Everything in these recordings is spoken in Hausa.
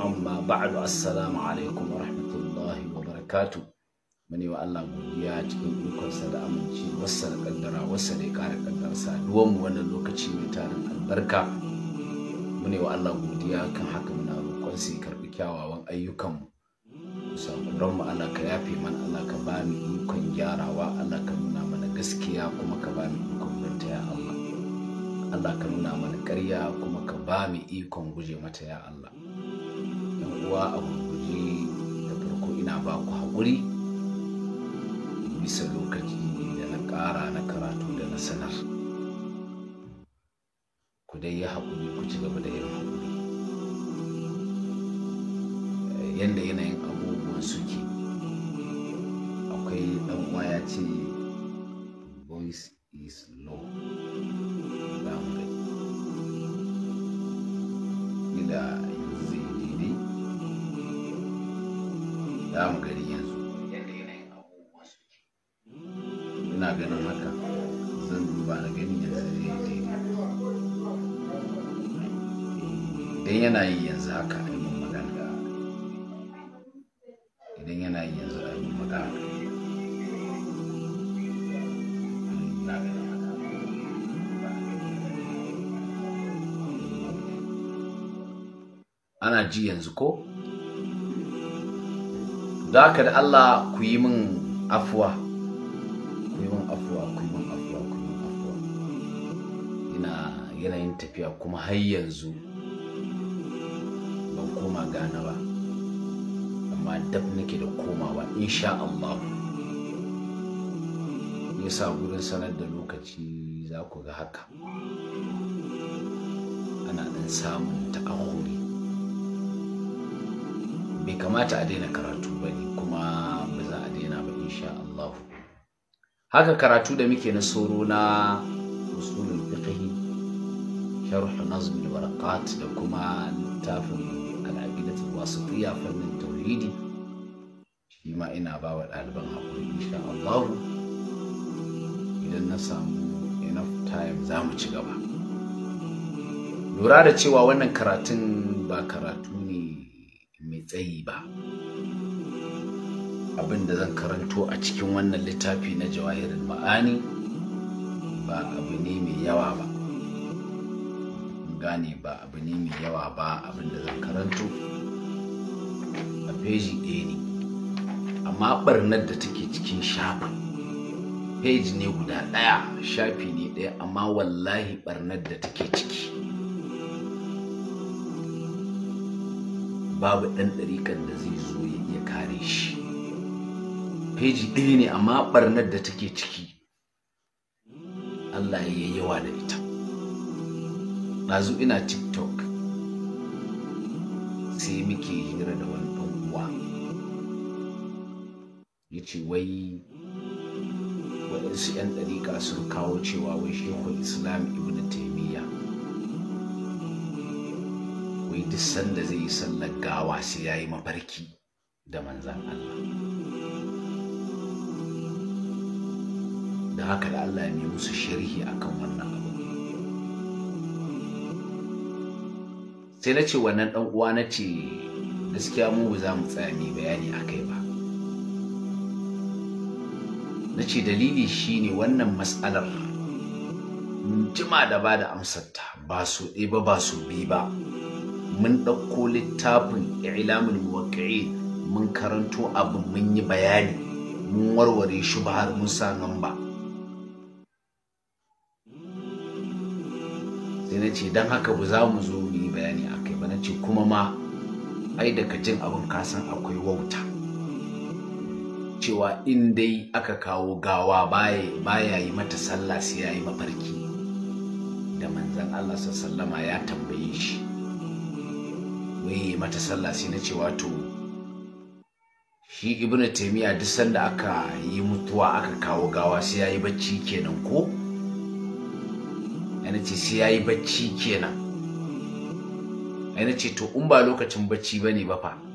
amma ba'du assalamu alaikum wa rahmatullahi wa barakatu mani wa Allah godiya cikin ikonsa da amincewarsa da kaddara wasa da ya kara kaddar saduwar mu wannan lokaci mai tarin albarka mani wa Allah godiya kan haka muna roƙon sai karbi kyawawan ayyukan mu sakuran mu Allah ka yafe mana Allah ka ba mu ikon gyarawa Allah ka nuna mana gaskiya kuma ka ba mu ikon Allah Allah ka nuna mana ƙarya kuma ka ba mu ikon guje mata ya Allah uwa a gurguje da farko ina ba ku haƙuri bisa lokaci da na ƙara na karatu da na sanar ku dai yi haƙuri ku ci gaba da yin haƙuri yadda yanayin abubuwan suke akwai ɗan uwa ya ce voice is low da idan yana yi yanzu haka an yi magana idan yana yi yanzu an yi magana ana ji yanzu ko da haka da Allah ku yi min afuwa ku yi min afuwa ku yi min afuwa ku yi min afuwa ina yanayin tafiya kuma har yanzu gane ba amma dab nake da komawa insha Allah sa gurin sanar da lokaci za ku ga haka ana dan samun ta'ahuri bai kamata a daina karatu ba ne kuma ba za a daina ba insha Allah haka karatu da muke na soro na usulul fiqh sharh nazm al da kuma littafin masu iya fannin tauhidi shi ma ina ba wa ɗaliban haƙuri insha Allah idan na samu enough time za mu ci gaba lura da cewa wannan karatun ba karatu ne mai tsayi ba abin da zan karanto a cikin wannan littafi na jawahirin ma'ani ba abu ne mai yawa ba gane ba abu ne mai yawa ba abin da zan karanto feji ɗaya ne amma ɓarnar da take cikin shafin Peji ne guda ɗaya shafi ne ɗaya amma wallahi ɓarnar da take ciki babu ɗan ɗariƙar da zai zo ya iya kare shi feji ɗaya ne amma ɓarnar da take ciki Allah ya yi yawa da ita ɗazu ina tiktok sai muke hira da wani ya ce wai waɗansu 'yan ɗariƙa sun kawo cewa wai shehun islam ibn taimiyya wai duk sanda zai yi sallar gawa sai ya yi mafarki da manzan Allah da haka da Allah ya musu sharhi akan wannan abu sai na ce wannan ɗan uwa na ce gaskiya mu ba za mu tsaya mai bayani a kai ba na ce dalili shine wannan matsalar jima da ba da amsarta ba su ɗaya ba ba su bi ba mun ɗauko littafin i'lamin muwaqqi'in mun karanto abin mun yi bayani mun warware shi ba har mun sa nan ba sai na ce don haka ba za mu zo mu yi bayani a kai ba na ce kuma ma ai daga jin abin kasan akwai wauta cewa in dai aka kawo gawa baya yi mata sallah sai ya yi mafarki da manzan Allah sallama ya tambaye shi wai yi mata sallah sai na ce wato shi ibnu taymiya duk sanda aka yi mutuwa aka kawo gawa sai ya yi bacci kenan ko yana ce sai ya yi bacci kenan yana ce to in ba lokacin bacci ba ne ba fa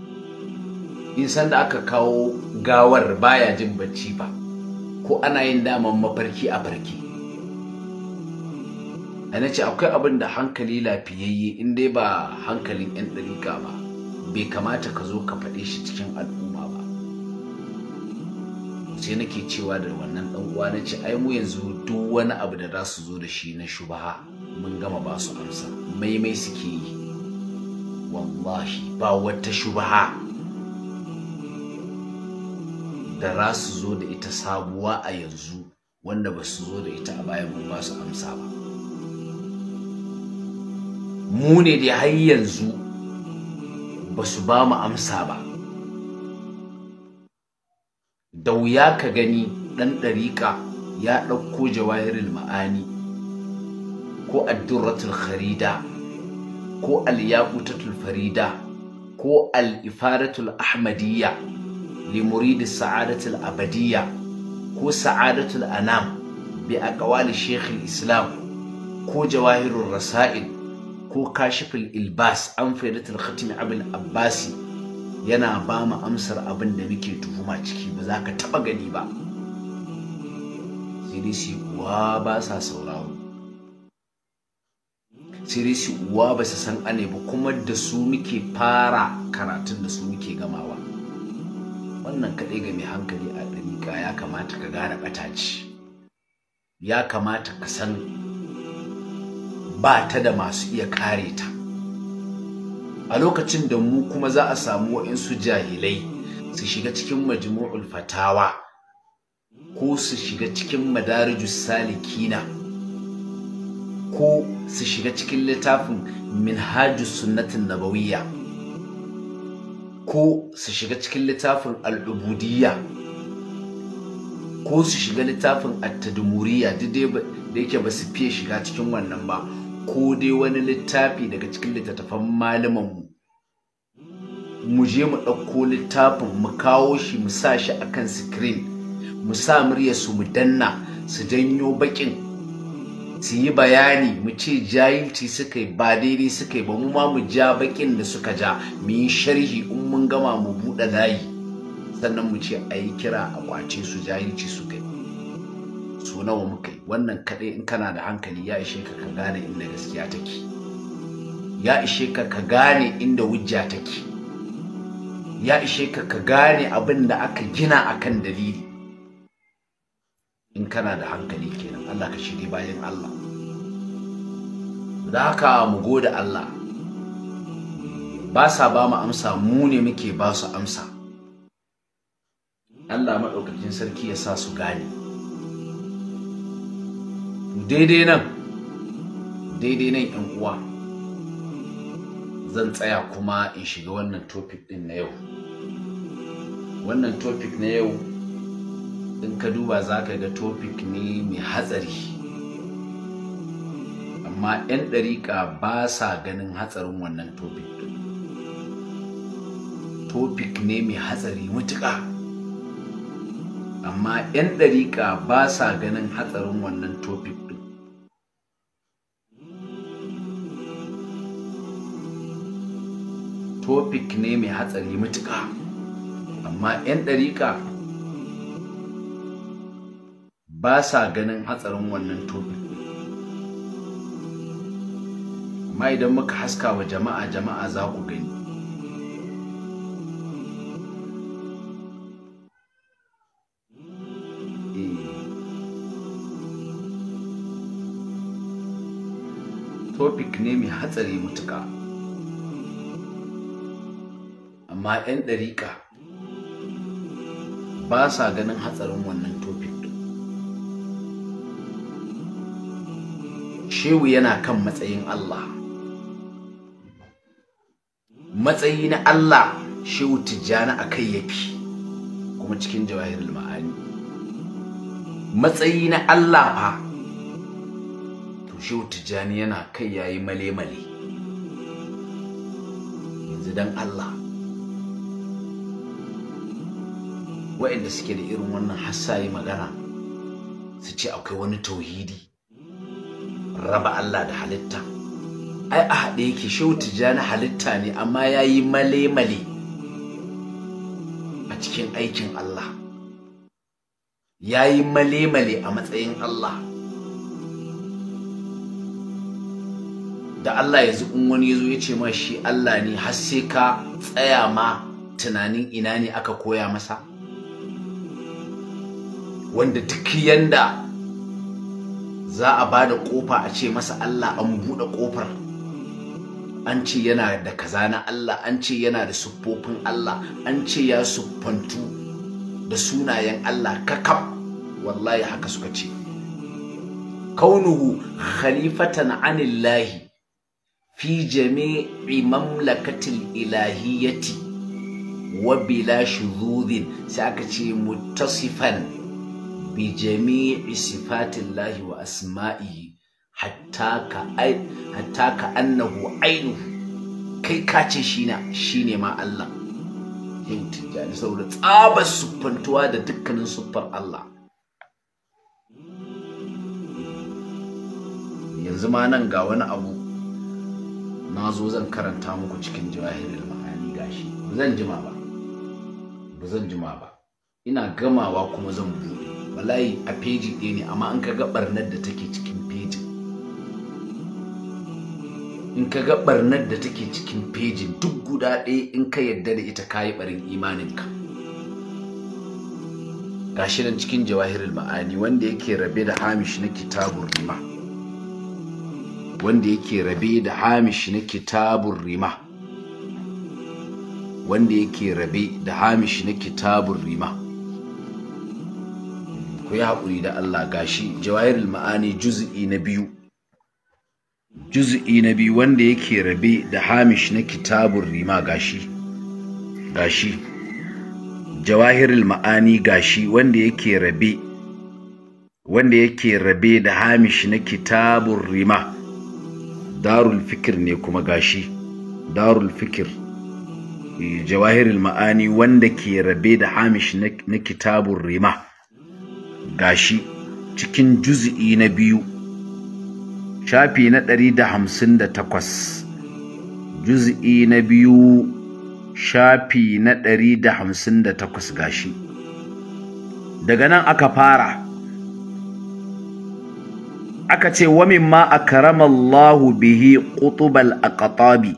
san da aka kawo gawar baya jin bacci ba ko ana yin daman mafarki a barki a na ce akwai abin da hankali lafiyayye in dai ba hankalin 'yan dariƙa ba bai kamata ka zo ka faɗe shi cikin al'umma ba sai nake cewa da wannan ɗan uwa na ce ai mu yanzu duk wani abu da za su zo da shi na shubaha mun gama ba su amsa maimai suke yi wallahi ba wata shubaha da za su zo da ita sabuwa a yanzu wanda ba su zo da ita a baya mun ba su amsa ba mu ne da har yanzu ba su ba mu amsa ba da wuya ka gani ɗan ɗariƙa ya ɗauko jawahirul ma'ani ko addurratul kharida ko al farida ko al-ifaratul ahmadiyya li muridi sa'adatul abadiyya ko sa'adatul anam bi aqwali shekhul islam ko jawahirul rasail ko kashiful ilbas an faidatul khatim abin abbasi yana ba mu amsar abin da muke tuhuma ciki ba za ka taba gani ba sirisi uwa ba sa sauraro sirisi uwa ba sa san ane ba kuma da su muke fara karatun da su muke gamawa wannan kaɗai ga mai hankali a ɗariƙa ya kamata ka gara ɓataci ya kamata ka san ba ta da masu iya kare ta a lokacin da mu kuma za a samu waɗansu jahilai su shiga cikin majmu'ul fatawa ko su shiga cikin madarijus salikina ko su shiga cikin littafin minhajus sunnatin nabawiyya ko su shiga cikin littafin al'ubudiyya ko su shiga littafin attadumuriya da yake ba su fiye shiga cikin wannan ba ko dai wani littafi daga cikin littattafan malamanmu mu je mu ɗauko littafin mu kawo shi mu sa shi a kan sikirin mu sa muryarsu mu danna su janyo baƙin su yi bayani mu ce jahilci suka yi ba daidai suka yi ba mu ma mu ja bakin da suka ja mu yi sharhi in mun gama mu buɗe layi sannan mu ce a yi kira a kwace su jahilci su kai su nawa muka yi wannan kaɗai in kana da hankali ya ishe ka ka gane inda gaskiya take ya ishe ka ka gane inda wujja take ya ishe ka ka gane abin da aka gina akan dalili in kana da hankali kenan Allah ka shirye bayan Allah da haka mu gode Allah ba sa ba mu amsa mu ne muke ba su amsa Allah maɗaukakin sarki ya sa su gane daidai nan daidai nan yan uwa zan tsaya kuma in shiga wannan topic ɗin na yau wannan topic na yau in ka duba za ka ga topic ne mai hatsari amma 'yan ɗariƙa ba sa ganin hatsarin wannan topic topic ne mai hatsari mutuƙa amma 'yan ɗariƙa ba sa ganin hatsarin wannan topic ɗin topic ne mai hatsari mutuƙa amma 'yan ɗariƙa ba sa ganin hatsarin wannan topic ma idan muka haska wa jama'a jama'a za ku gani eh. topic ne mai hatsari mutuka amma 'yan ɗariƙa ba sa ganin hatsarin wannan topic shewu shehu yana kan matsayin Allah matsayi na Allah shehu tijjani a kai yafi kuma cikin jawahir ma'ani matsayi na Allah fa to shehu tijjani yana kai yayi male-male yanzu dan Allah wa'inda suke da irin wannan hassayi magana su ce akwai wani tauhidi raba Allah da halitta ai a haɗe yake shehu tijjani halitta ne amma ya yi male-male a cikin aikin Allah ya yi male-male a matsayin Allah da Allah ya in wani ya zo ya ce ma shi Allah ne har sai ka tsaya ma tunanin ina ne aka koya masa wanda duk yanda za a ba da ƙofa a ce masa Allah an buɗe ƙofar an ce yana da kaza na Allah an ce yana da suffofin Allah an ce ya suffantu da sunayen Allah kakab wallahi haka suka ce kaunuhu khalifatan anillahi fi jami'i mamlakatil ilahiyyati wa bila shuzudin sai aka ce muttasifan bi jami'i sifatillahi wa asma'ihi hatta ka ai annahu ainu kai ka ce shi ne ma Allah yin tijjani saboda tsabar siffantuwa da dukkanin siffar Allah yanzu ma nan ga wani abu na zo zan karanta muku cikin jawahirul ma'ani gashi ba zan jima ba ba zan jima ba ina gamawa kuma zan buɗe wallahi a feji ɗaya ne amma an ka ga ɓarnar da take cikin in ka ga barnar da take cikin fejin duk guda ɗaya in ka yadda da ita kayi barin imaninka gashi nan cikin jawahirul ma'ani wanda yake rabe da hamish na kitabur rima wanda yake rabe da hamish na kitabur rima wanda yake rabe da hamish na kitabun rima ku yi haƙuri da Allah gashi jawahirul ma'ani juz'i na biyu juz'i na biyu wanda yake rabe da hamish na kitabun rima gashi gashi jawahirul ma'ani gashi wanda yake rabe wanda yake rabe da hamish na kitabun rima darul fikir ne kuma gashi darul fikir eh, jawahirul ma'ani wanda ke rabe da hamish na kitabun rima gashi cikin juz'i na biyu shafi na ɗari da hamsin da takwas juz'i na biyu shafi na ɗari da hamsin da takwas gashi daga nan aka fara aka ce wa karamar akramallahu bihi qutubal aqtabi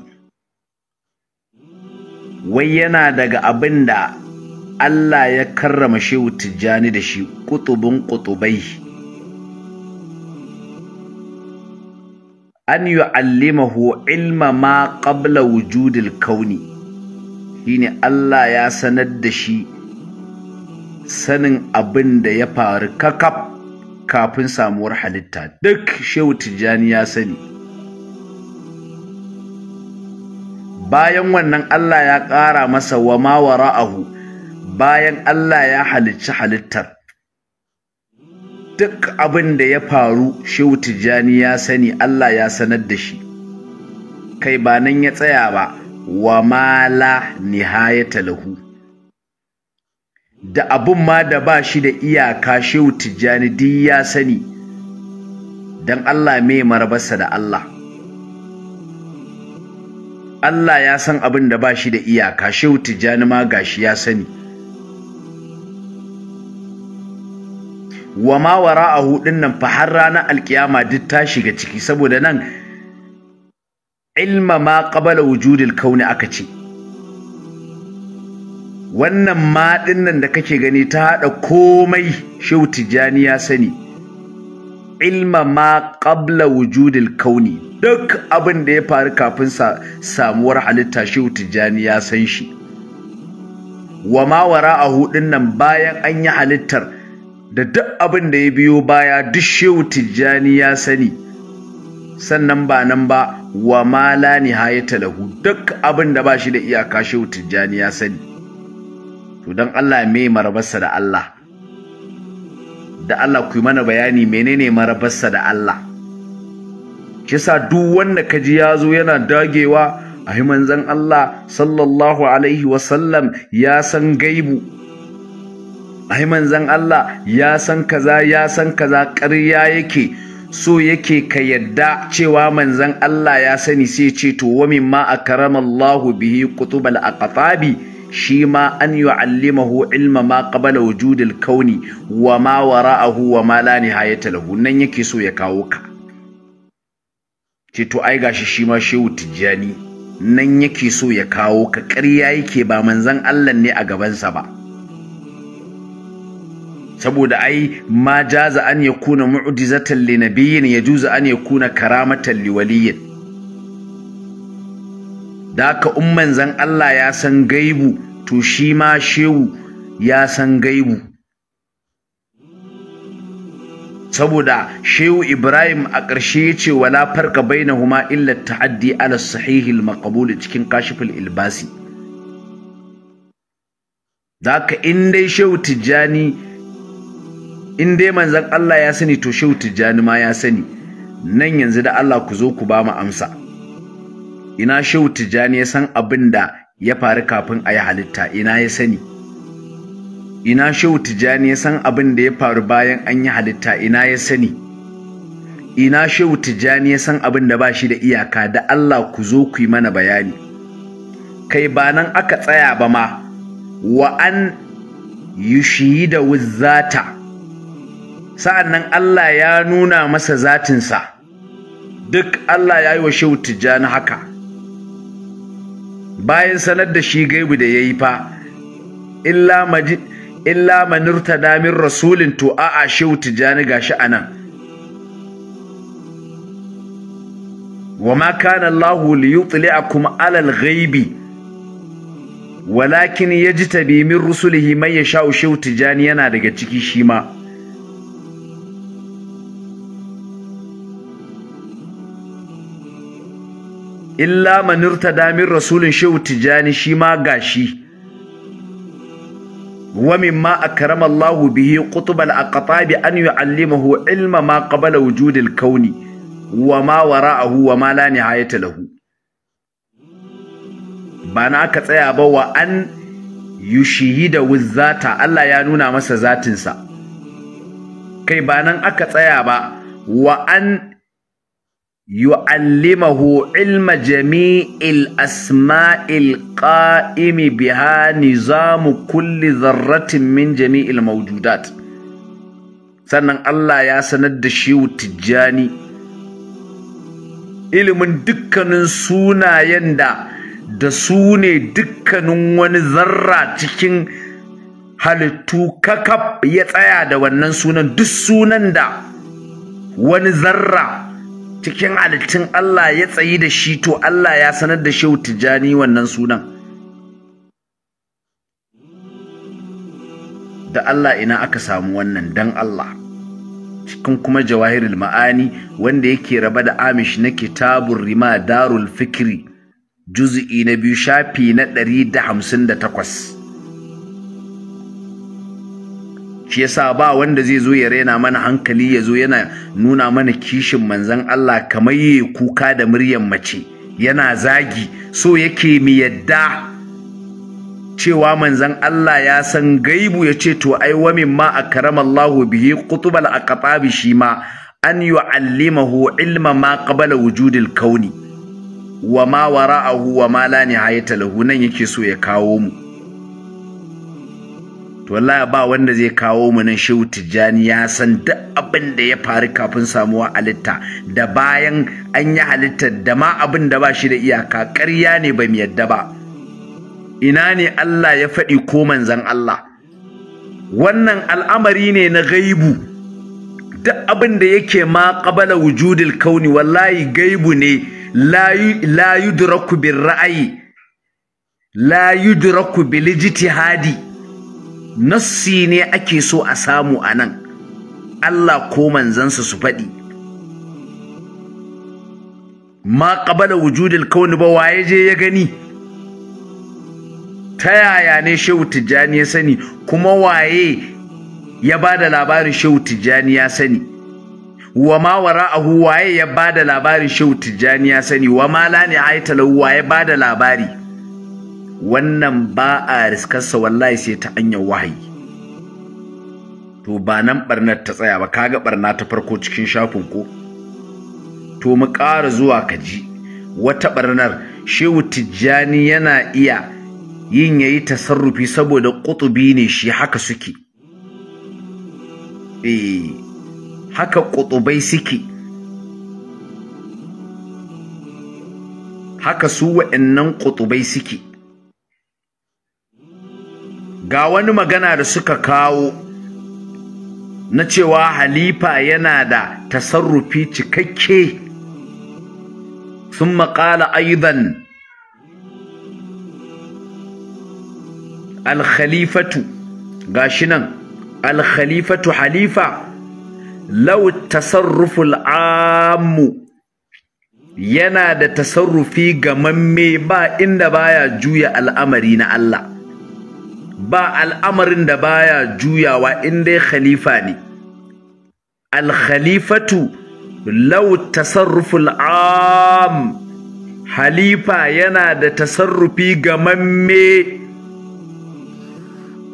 wai yana daga abinda Allah ya karrama shehu tijjani da shi ƙuɗubin ƙuɗubai? an yi wa ilma ma ƙabla wujudil kauni shine Allah ya sanar da shi sanin abin da ya faru kakaf kafin samuwar halitta duk shehu tijjani ya sani bayan wannan Allah ya ƙara masa wa ma wara'ahu bayan Allah ya halicci halittar duk abin da ya faru shehu tijjani ya sani Allah ya sanar da shi kai ba nan ya tsaya ba wa mala nihayata lahu da abun ma da ba shi da iyaka shehu tijjani duk ya sani dan Allah mai marabarsa da Allah Allah ya san abin da ba shi da iyaka shehu tijjani ma gashi ya sani wa ma a hudun fa har ranar alkiyama duk ta shiga ciki saboda nan ilma ma qabala wujudil kauni aka ce wannan ma nan da kake gani ta hada komai shehu tijani ya sani ilma ma qabla wujudil kauni duk abin da ya faru kafin samuwar halitta shehu tijani ya san shi wa ma hudun nan bayan an yi halittar da duk abin da ya biyo baya duk shehu tijjani ya sani sannan ba nan ba wa mala ni lahu duk abin da ba shi da iyaka shehu tijjani ya sani to dan Allah me marabarsa da Allah da Allah ku yi mana bayani menene marabarsa da Allah kisa duk wanda kaji ya zo yana dagewa a manzon Allah sallallahu alaihi wasallam ya san gaibu ai manzan Allah ya san kaza ya san kaza ƙarya yake so yake ka yadda cewa manzan Allah ya sani sai ce to wa mimma akramallahu bihi qutubal aqtabi shi ma an yu'allimahu ilma ma qabala wujudil kauni wa ma wara'ahu wa ma la nihayata lahu nan yake so ya kawo ka ce to ai gashi shi ma shehu tijjani nan yake so ya kawo ka ƙarya yake ba manzan Allah ne a gabansa ba saboda ai ma jaza an ya kuna mu'jizatan li ya juza an ya yakuna karamatan li waliyin da ka in zan Allah ya san gaibu to shi ma shehu ya san gaibu saboda shehu Ibrahim a ƙarshe ya ce wala farka bainahuma illa ta'addi ala sahihil maqbul cikin kashiful ilbasi da in dai shehu Tijjani in dai manzan Allah ya sani to shehu tijjani ma ya sani nan yanzu da Allah ku zo ku ba mu amsa ina shehu tijjani ya san abin da ya faru kafin a yi halitta ina ya sani ina shehu tijjani ya san abin da ya faru bayan an yi halitta ina ya sani ina shehu tijjani ya san abin da ba shi da iyaka da Allah ku zo ku yi mana bayani kai ba nan aka tsaya ba ma wa an yushida wuzzata sa'an nan Allah ya nuna masa zatinsa duk Allah ya yi wa shehu na haka bayan sanar da shi gaibu da ya yi fa illa manirta damin rasulin to a'a shehu na gashi a nan wa ma kana Allahu kuma alal gaibi. walakin ya ji tabi min rusulihi mai ya shehu tijjani yana daga ciki shi ma illa manirta damin rasulun shehu tijani shi ma gashi wa mimma karamar Lahu bihi qutb al-aqtabi an yu'allimahu ilma ma qabla wujud kauni! wa ma wara'ahu wa ma la nihayata lahu bana aka tsaya ba wa an da wuzzata, Allah ya nuna masa zatinsa kai ba nan aka tsaya ba wa an yu'allimahu ilma jami'il asma'il qa'imi biha zamu kulle dharratin min jami'il mawjudat sannan Allah ya sanar da shi tijjani ilimin dukkanin sunayen da da su ne dukkanin wani zarra cikin halittu kakaf ya tsaya da wannan sunan duk sunan da wani zarra cikin halittun Allah ya tsayi da shi to Allah ya sanar da shi Tijjani wannan sunan da Allah ina aka samu wannan dan Allah cikin kuma jawahirul ma'ani wanda yake raba da Amish na kitabur rima darul fikri juz'i na biyu shafi na Ɗari da 158 shi yasa ba wanda zai zo ya rena mana hankali ya zo yana nuna mana kishin Manzan Allah kamar ya kuka da muryar mace yana zagi so yake mi yadda cewa Manzan Allah ya san gaibu ya ce to ai wa mimma Allah bihi a aqtabi shi ma an yu'allimahu ilma ma qabla wujudil kauni wa ma wara'ahu wa ma la nihayata lahu nan yake so ya kawo mu to wallahi ba wanda zai kawo mu nan shehu tijjani ya san duk abin da ya faru kafin samuwa halitta da bayan an yi halittar da ma abin da ba shi da iyaka ƙarya ne ba mu yadda ba ina ne Allah ya faɗi ko manzan Allah wannan al'amari ne na gaibu duk abin da yake ma qabala wujudil kauni wallahi gaibu ne la yudraku bir ra'ayi la yudraku bil ijtihadi nassi ne ake so a samu a nan Allah ko manzansa su faɗi ma qabala wujudil kauni ba waye je ya gani ta yaya ne shehu tijjani ya sani kuma waye ya ba da labarin shehu tijjani ya sani wa ma wara'ahu waye ya ba da labarin shehu tijjani ya sani wa ma la waye ba da labari wannan ba a riskarsa wallahi sai ta hanyar wahayi to ba nan barnar ta tsaya ba kaga barna ta farko cikin shafin ko to mu ƙara zuwa kaji wata barnar shehu tijjani yana iya yin yayi tasarrufi saboda ƙutubi ne shi haka suke eh haka ƙutubai suke haka su wa'annan ƙutubai suke ga wani magana da suka kawo na cewa halifa yana da tasarrufi cikakke sun maƙala aizan alkhalifatu ga shi nan alkhalifatu halifa lau tasarruful amu yana da tasarrufi ga mamme ba inda baya juya al'amari na Allah ba al'amarin da baya juyawa in dai khalifa ne al-khalifatu lau tasarruful am halifa yana da tasarrufi ga mamme.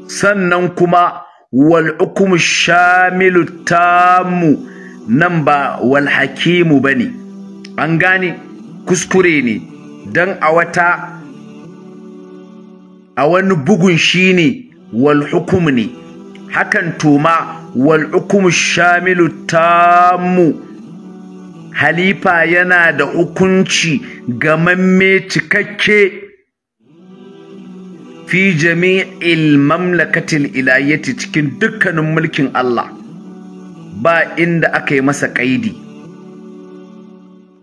sannan kuma wal hukumu shamilu tamu nan ba wal hakimu ne. an gane kuskure ne don a wata a wani bugun shine wal hukum ne hakan tuma wal hukum shamilu tamu halifa yana da hukunci gamamme cikakke fi jami'il mamlakatil ilayyati cikin dukkanin mulkin Allah ba inda aka yi masa kaidi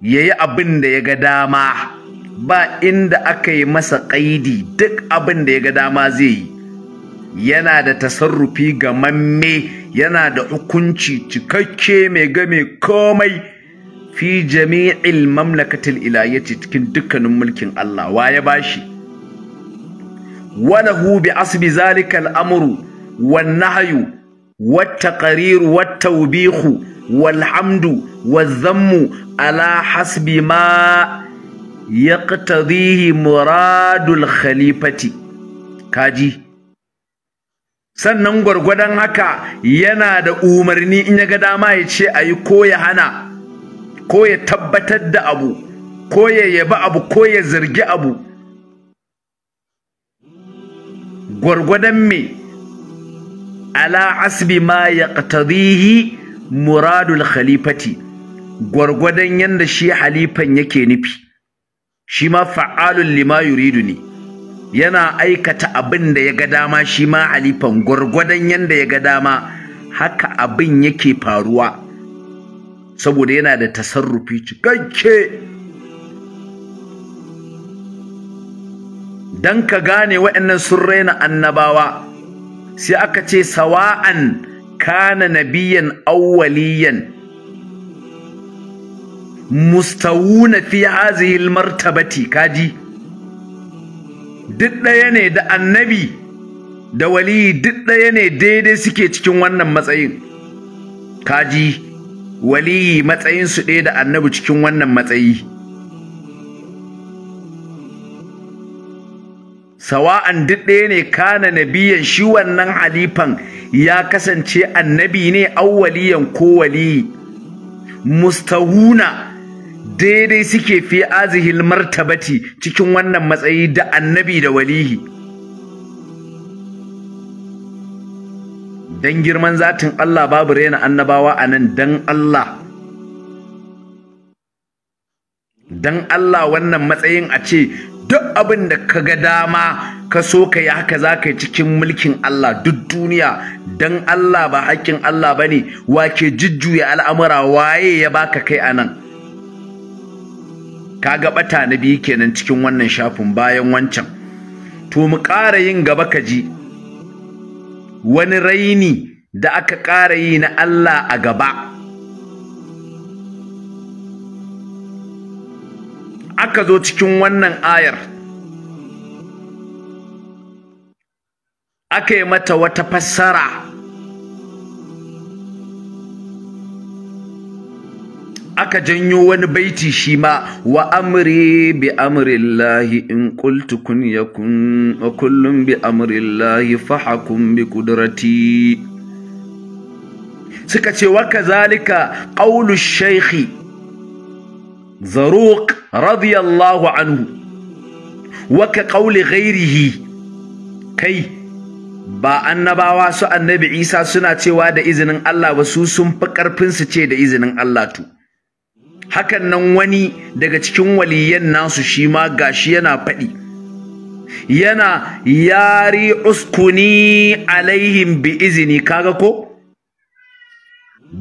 yayi abin da ya ga dama ba inda aka yi masa ƙaidi duk abin da ya ga dama zai yi yana da tasarrufi ga mamme yana da hukunci cikakke mai game komai fi jami'il mamlakatil ilayyati cikin dukkanin mulkin Allah wa ya bashi hu bi asbi zalika al'amru wan nahyu wat taqrir wat tawbihu wal hamdu zammu ala hasbi ma yaqtadihi muradul khalifati kaji sannan gwargwadon haka yana da umarni in ya ga dama ya ce a yi koya hana ko ya tabbatar da abu ko ya yabi abu ko ya zargi abu gwargwadon me ala asibi ma yaqtadihi muradul khalifati gwargwadon yadda shi halifan yake nufi shi ma fa'alun lima yuridu ne yana aikata abin da ya ga dama shi ma halifan gwargwadon yadda ya ga dama haka abin yake faruwa saboda yana da tasarrufi cikakke don ka gane waɗannan sun raina annabawa sai aka ce sawa'an kana nabiyan auwaliyan. mustawuna fi hazihi martabati kaji duk ɗaya ne da annabi da waliyi duk ɗaya ne daidai suke cikin wannan matsayin kaji matsayin su ɗaya da annabi cikin wannan matsayi sawa'an duk ɗaya ne kana nabiyan shi wannan halifan ya kasance annabi ne awwaliyan ko waliyi mustahuna daidai suke fi azihil martabati cikin wannan matsayi da annabi da walihi dan girman zatin Allah babu rena annabawa anan dan Allah dan Allah wannan matsayin a ce duk abin da ka ga dama ka so ka yi haka za ka yi cikin mulkin Allah duk duniya dan Allah ba haƙƙin Allah ba ne wa ke jujjuya al'amura waye ya baka kai anan Ka ga ɓata na biyu kenan cikin wannan shafin bayan wancan to mu ƙara yin gaba ka ji wani raini da aka ƙara yi na Allah a gaba aka zo cikin wannan ayar aka yi mata wata fassara aka janyo wani baiti shi ma wa amri bi amrillahi in qultu kun yakun wa kullum bi amrillahi fahakum bi qudrati suka ce wa kazalika qawlu shaykhi zaruq radiyallahu anhu wa ka qawli gairihi kai ba annabawa su annabi isa suna cewa da izinin Allah ba su sun fi ƙarfinsu ce da izinin Allah tu hakan nan wani daga cikin waliyan nasu shi ma gashi yana faɗi yana yari uskuni alaihim bi izini kaga ko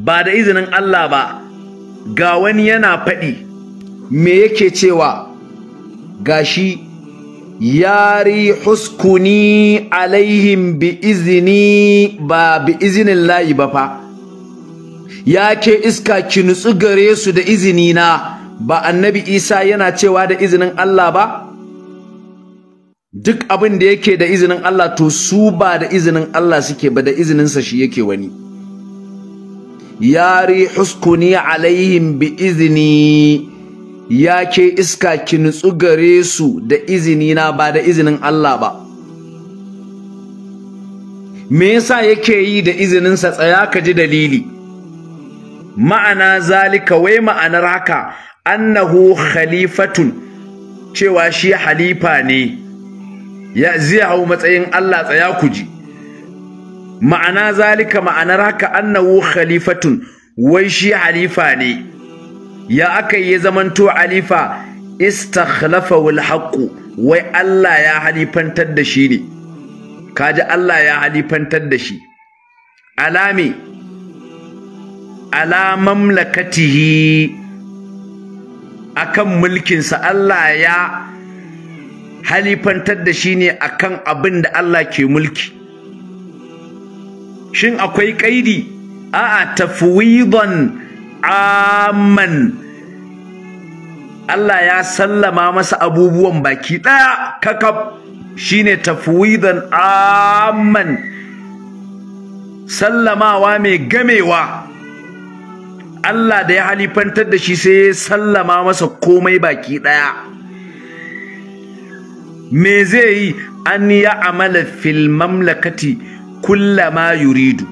ba da izinin Allah ba ga wani yana faɗi me yake cewa gashi yari uskuni, alaihim bi izini ba bi izinin layi ba fa ya ke iska ki nutsu gare su da izini na ba annabi isa yana cewa da izinin Allah ba duk abin da yake da izinin Allah to su ba da izinin Allah suke ba da izininsa shi yake wani yari huskuni alaihim bi izini ya ke iska ki nutsu gare su da izini na ba da izinin Allah ba me yasa yake yi da izininsa tsaya ka ji dalili ma'ana zalika wai ma'anar haka annahu khalifatun cewa shi halifa ne ya zai hau matsayin Allah tsaya ku ji ma'ana zalika ma'anar haka annahu khalifatun wai shi halifa ne ya aka yi zamanto halifa istakhlafa wal haqqu wai Allah ya halifantar da shi ne kaji Allah ya halifantar da shi alami ala mamlakatihi akan mulkinsa Allah ya halifantar da shi ne akan abin da Allah ke mulki shin akwai kaidi a'a tafwidan amman Allah ya sallama masa abubuwan baki ɗaya kakab shine tafwidan amman sallamawa mai gamewa Allah da ya halifantar da shi sai ya sallama masa komai baki ɗaya. me zai yi an ya amala fil mamlakati kullama yuridu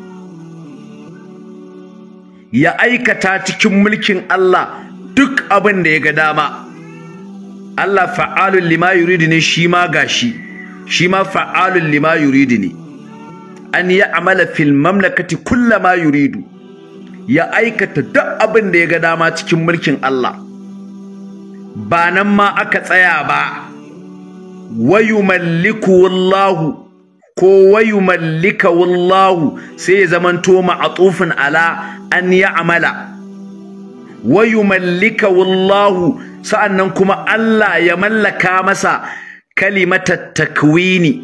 ya aikata cikin mulkin Allah duk abin da ya ga dama Allah fa'alun lima yuridu ne shi ma gashi shi ma fa'alun lima yuridu ne an ya amala fil mamlakati kullama yuridu ya aikata duk abin da ya ga dama cikin mulkin Allah ba nan ma aka tsaya ba malliku wallahu ko wayumallika wallahu sai ya zamanto ma'atufin ala an ya amala wayumallika wallahu sa'annan kuma Allah ya mallaka masa kalimata takwini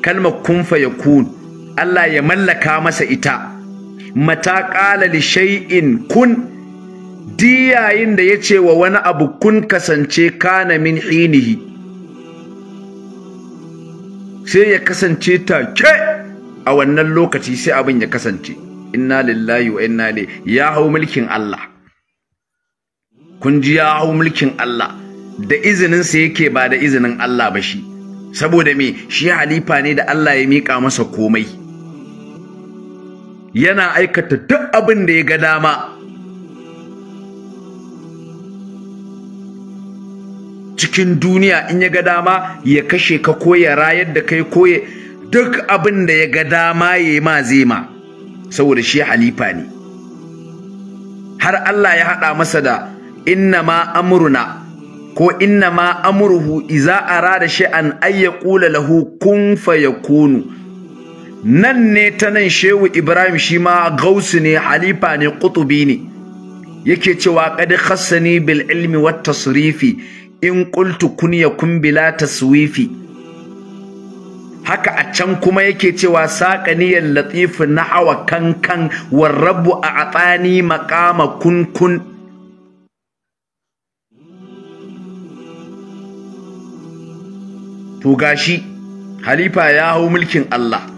kalmar kun yakun Allah ya mallaka masa ita mata shay'in kun diyayin da yace wa wani abu kun kasance kana min hinihi sai ya kasance ta ke. a wannan lokaci sai abin ya kasance inna lillahi wa inna le, ya hau mulkin Allah kun ji ya hau mulkin Allah da izininsa yake ba da izinin Allah ba shi saboda me shi halifa ne da Allah ya miƙa masa komai yana aikata duk abin da ya ga dama cikin duniya in ya ga dama ya kashe ka ko ya rayar da kai ko ya duk abin da ya ga dama ya yi ma zai ma saboda shi halifa ne har Allah ya haɗa masa da inna ma amuruna' ko inna ma amruhu iza arada an ay ƙula lahu kun fayakunu nan ne ta nan shehu ibrahim shi ma gausu ne halifa ne kutubi ne yake cewa qad khassani bil ilmi wat tasrifi in qultu kun bila taswifi haka a can kuma yake cewa saqaniyal na hawa kankan warrabu a a'tani maqama kun kun to gashi halifa ya hau mulkin Allah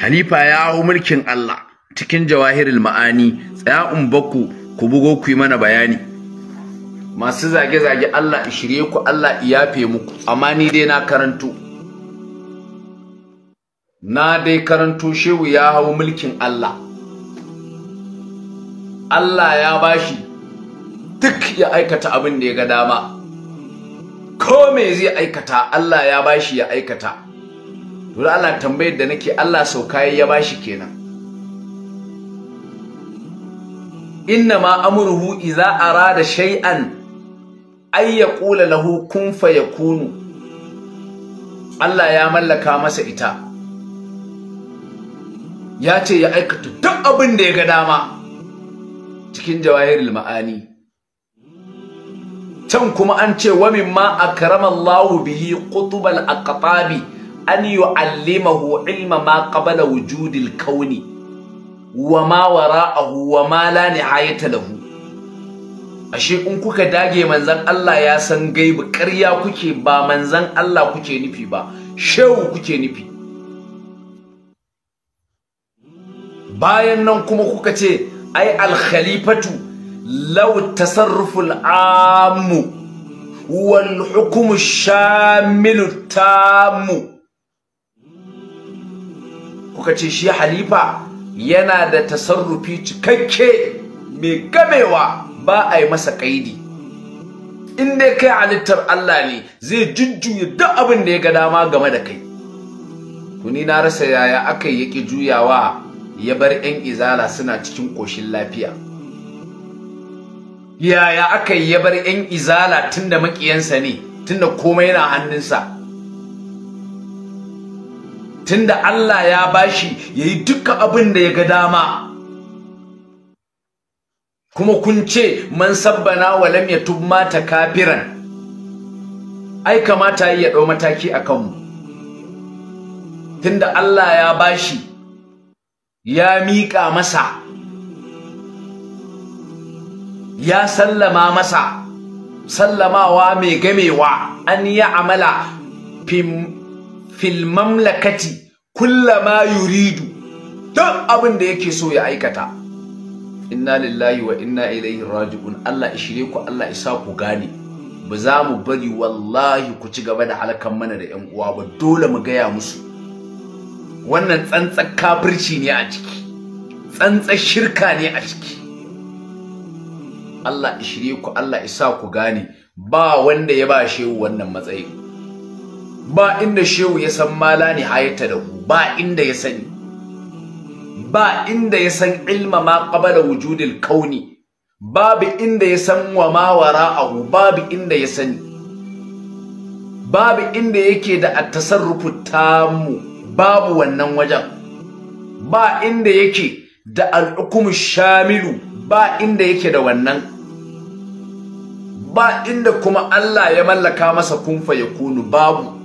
halifa ya hau mulkin Allah cikin jawahirul ma'ani tsaya in baku, ku bugo ku yi mana bayani masu zage-zage Allah shirye ku Allah yafe muku amma ni dai na karanto na dai karanto shehu ya hau mulkin Allah Allah ya bashi duk ya aikata abin da ya ga dama ko me zai aikata Allah ya bashi ya aikata to da Allah tambayar da nake Allah sauka ya bashi kenan inna ma amruhu idza arada shay'an ay yaqula lahu kun fayakunu Allah ya mallaka masa ita ya ce ya aikata duk abin da ya ga dama cikin jawahirul ma'ani can kuma an ce wa mimma akramallahu bihi qutbal aqtabi an yi yu'allimahu ilma ma ƙabala wujudil kauni wa ma wara'ahu wa ma la nihayata lahu ashe in kuka dage manzan Allah ya san gaibu ƙarya kuke ba manzan Allah kuke nufi ba shehu kuke nufi bayan nan kuma kuka ce ai Alkhalifatu, khalifatu law tasarruful ammu wal hukumu shamilu tamu kuka ce shi halifa yana da tasarrufi cikakke mai gamewa ba a yi masa ƙa'idi. in dai kai halittar Allah ne zai jujjuya duk abin da ya ga dama game da kai Kuni na rasa yaya aka yi yaki juyawa ya bar 'yan izala suna cikin ƙoshin lafiya yaya aka yi ya bar 'yan izala tunda maƙiyansa ne tunda komai na hannunsa tunda Allah ya bashi yayi dukkan abin da ya ga dama kuma kun ce man sabbana wa lam yatub mata kafiran ai kamata ya ɗau mataki akan mu tunda Allah ya bashi ya miƙa masa ya sallama masa sallamawa mai gamewa an yi amala fil mamlakati ma yuridu Don abin da yake so ya aikata inna lillahi wa inna ilaihi raji'un Allah ishire ku Allah isa ku gane ba za mu bari wallahi ku ci gaba da halakan mana da yan uwa ba dole mu gaya musu wannan tsantsa kafirci ne a ciki tsantsa shirka ne a ciki Allah ishire ku Allah isa ku gane ba wanda ya ba shehu wannan matsayi ba inda shehu ya san mala ne hayata da ku ba inda ya sani ba inda ya san ilma ma qabala wujudil kauni babu inda ya san wa ma wara'ahu babu inda ya sani babu inda yake da at-tasarrufu tammu babu wannan wajen ba inda yake da al shamilu ba inda yake da wannan ba inda kuma Allah ya mallaka masa kunfa yakunu babu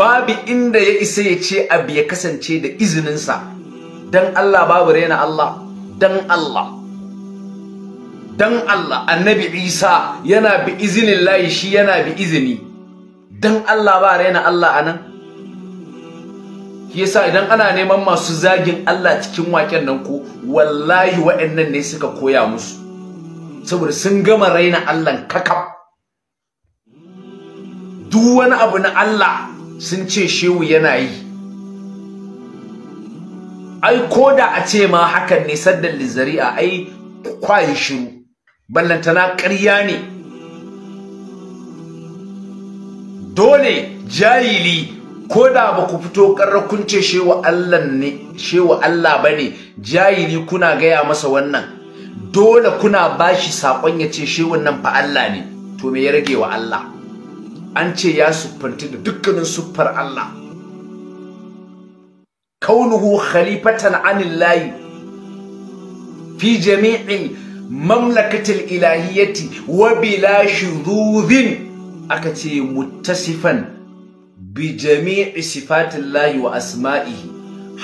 babu inda ya isa ya ce abu ya kasance da izininsa dan Allah babu raina Allah dan Allah dan Allah annabi Isa yana bi izinin layi shi yana bi izini dan Allah ba raina Allah anan yasa idan ana neman masu zagin Allah cikin waken nan ko wallahi waɗannan ne suka koya musu saboda sun gama raina Allah kakab duk wani abu na Allah sun ce shehu yana yi ai ko da a ce ma hakan ne saddan lizari'a ai kwaye shiru ballantana ƙarya ne dole jahili ko da ba ku fito ƙarar kun ce shewa Allah ne bane jahili kuna gaya masa wannan dole kuna bashi saƙon ya ce shewan nan fa Allah ne to me ya rage wa Allah an ce ya siffanti da dukkanin siffar Allah kaunuhu khalifatan anillahi fi jami'in mamlakatil ilahiyyati wa bila aka ce muttasifan bi jami'i sifatillahi wa asma'ihi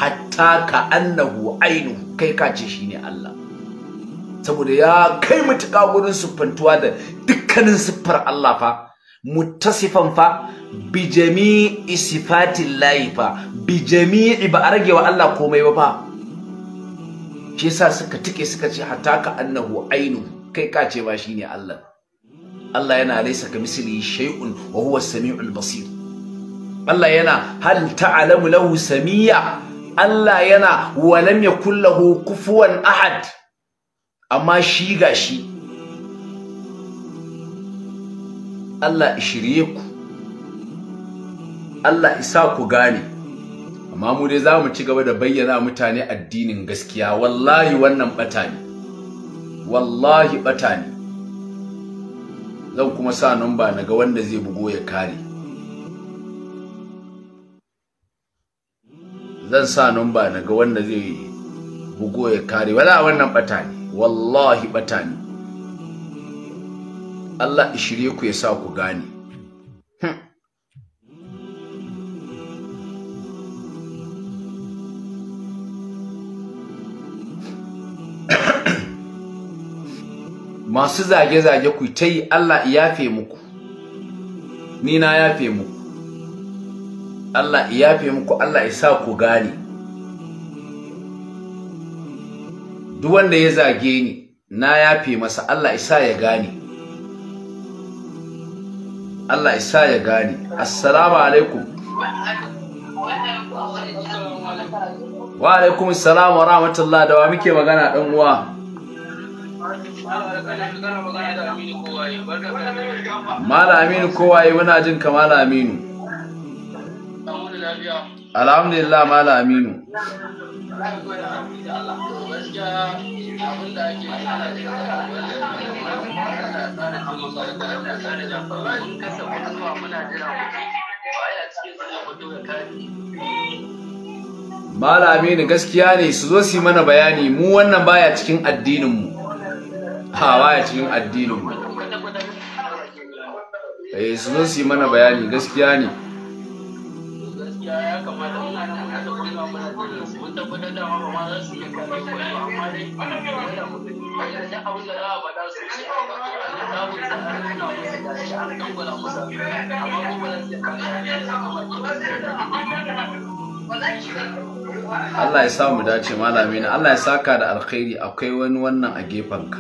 hatta ka annahu ainu kai ka ce shine Allah saboda ya kai mutuka gurin siffantuwa da dukkanin siffar Allah fa muttasifan fa bi jami'i sifatin layi fa bi jami'i ba a rage wa Allah komai ba fa shi yasa suka tike suka ce hatta ka annahu ainu kai ka ce ba shine Allah Allah yana laisa ka misli shay'un wa huwa samiul basir Allah yana hal ta'lamu lahu samiya Allah yana wa lam yakul kufuwan ahad amma shi shi Allah shirye ku Allah isa ku gane amma mu dai zamu ci gaba da bayyana mutane addinin gaskiya wallahi wannan bata ne wallahi bata ne zan kuma sa numba naga wanda zai bugo ya kare zan sa numba naga wanda zai bugo ya kare wala wannan bata ne wallahi bata ne Allah shirye ku ya sa ku gane hmm. masu zage-zage ku ta yi Allah yafe muku ni na yafe muku Allah yafe muku Allah ya sa ku gane duk wanda ya zage ni na yafe masa Allah ya sa ya gane Allah ya sa ya gani. assalamu alaikum wa alaikum assalam wa rahmatullah da wa muke magana dan uwa Mala Aminu kowaye muna jin ka Mala Aminu Alhamdulillah Mala Aminu za ka gaskiya ne su zo su mana bayani mu wannan baya cikin addininmu. Ha baya cikin addininmu. Eh su zo su mana bayani gaskiya ne. Gaskiya ya kamata da kudin da ma ma za su iya kare ku amma dai wala mutum da abin da za a faɗa su shi za mu tsara nuna musu da shi an dangwala musu amma ko ba za su iya kare ya saka Allah ya sa mu dace malami na Allah ya saka da alkhairi akwai wani wannan a gefen ka.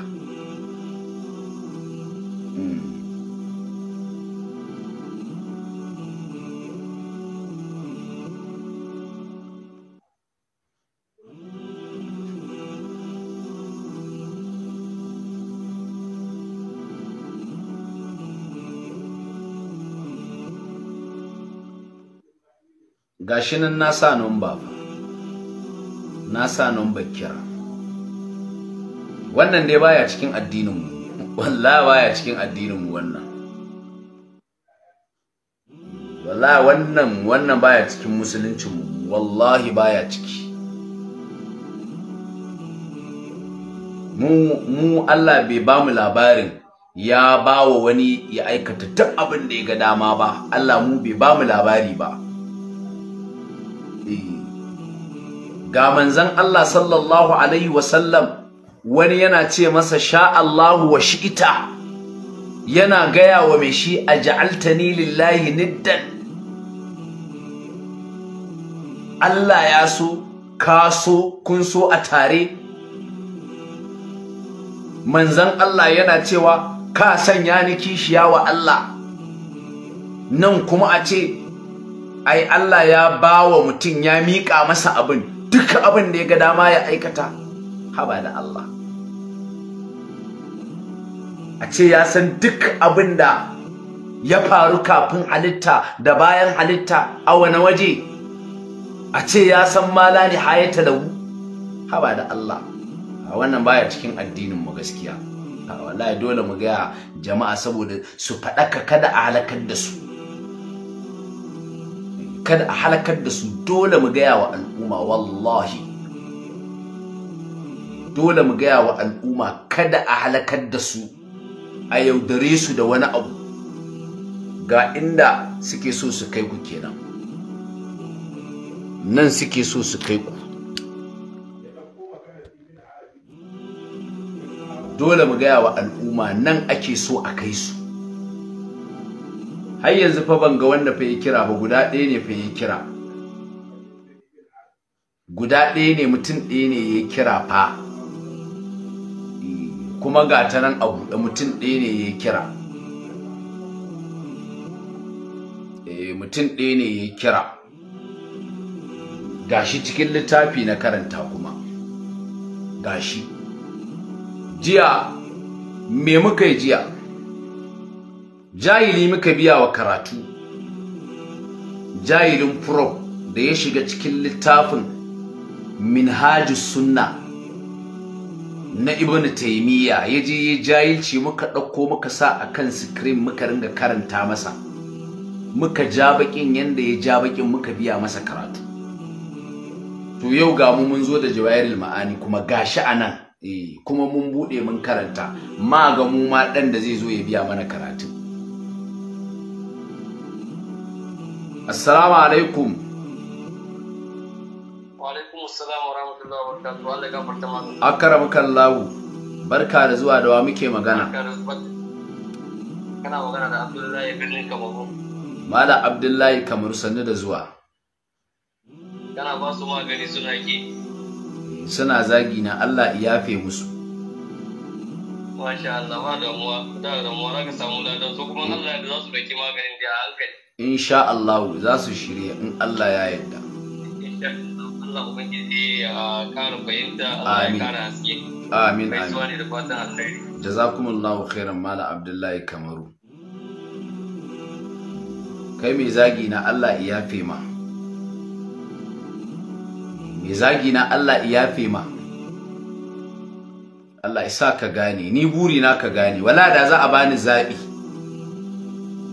gashi nan na sa numba fa na sa numba kira wannan dai baya cikin addinin mu wallahi baya cikin addinin mu wannan wallahi wannan wannan baya cikin musuluncin mu wallahi baya ciki mu mu Allah bai ba mu labarin ya ba wa wani ya aikata duk abin da ya ga dama ba Allah mu bai ba mu labari ba ga manzan Allah sallallahu alaihi wasallam wani yana ce masa sha Allahu wa shi'ita yana gaya wa mai shi a ni lillahi niddan Allah ya so ka so kun so a tare manzan Allah yana cewa ka sanya ni kishiya wa Allah nan kuma a ce ai Allah ya ba wa mutum ya miƙa masa abin duk abin da ya ga dama ya aikata haba da Allah a ce ya san duk abin da ya faru kafin halitta da bayan halitta a wani waje a ce ya san mala ni ta lahu haba da Allah a wannan baya cikin addinin mu gaskiya wallahi dole mu ga jama'a saboda su faɗaka kada a halakar da su kada a halakar da su dole mu gaya wa al'umma wallahi dole mu gaya wa al'umma kada a halakar da su a yaudare su da wani abu ga inda suke so su kai ku kenan nan suke so su kai ku dole mu gaya wa al'umma nan ake so a kai su har yanzu fa ban ga wanda fa yi kira ba guda ɗaya ne fa yi kira guda ɗaya ne mutum ɗaya ne ya kira fa kuma ga ta nan a buɗe mutum ɗaya ne ya kira eh, mutum ɗaya ne ya kira gashi cikin littafi na karanta kuma gashi jiya me muka yi jiya jahili muka biya wa karatu jahilin prof da ya shiga cikin littafin minhaji sunna na ibn taimiyya ya je ya jahilci muka ɗauko muka sa a kan sikirin muka ringa karanta masa muka ja baƙin yadda ya ja baƙin muka biya masa karatu to yau ga mu mun zo da jawahirul ma'ani kuma gashi anan eh kuma mun buɗe mun karanta ma ga mu ma ɗan da zai zo ya biya mana karatu assalamu alaikum wa alaikum assalam wa rahmatullahi wa barakatuhu Allah ya gafarta barka da zuwa da wa muke magana kana magana da Abdullahi birnin Kamaru Mala Abdullahi Kamaru sannu da zuwa kana ba su magani suna ki suna zagi na Allah ya fe musu Masha Allah ba damuwa da damuwa za ka samu ladan so kuma Allah ya da za su baki maganin da hankali insha Allah za su shirya in Allah ya yarda Allah amin amin da jazakumullahu khairan mala abdullahi kamaru kai mai zagi na Allah iya ma. mai zagi na Allah iya ma. Allah isa sa ka gane ni buri na ka gane wala da za a bani zabi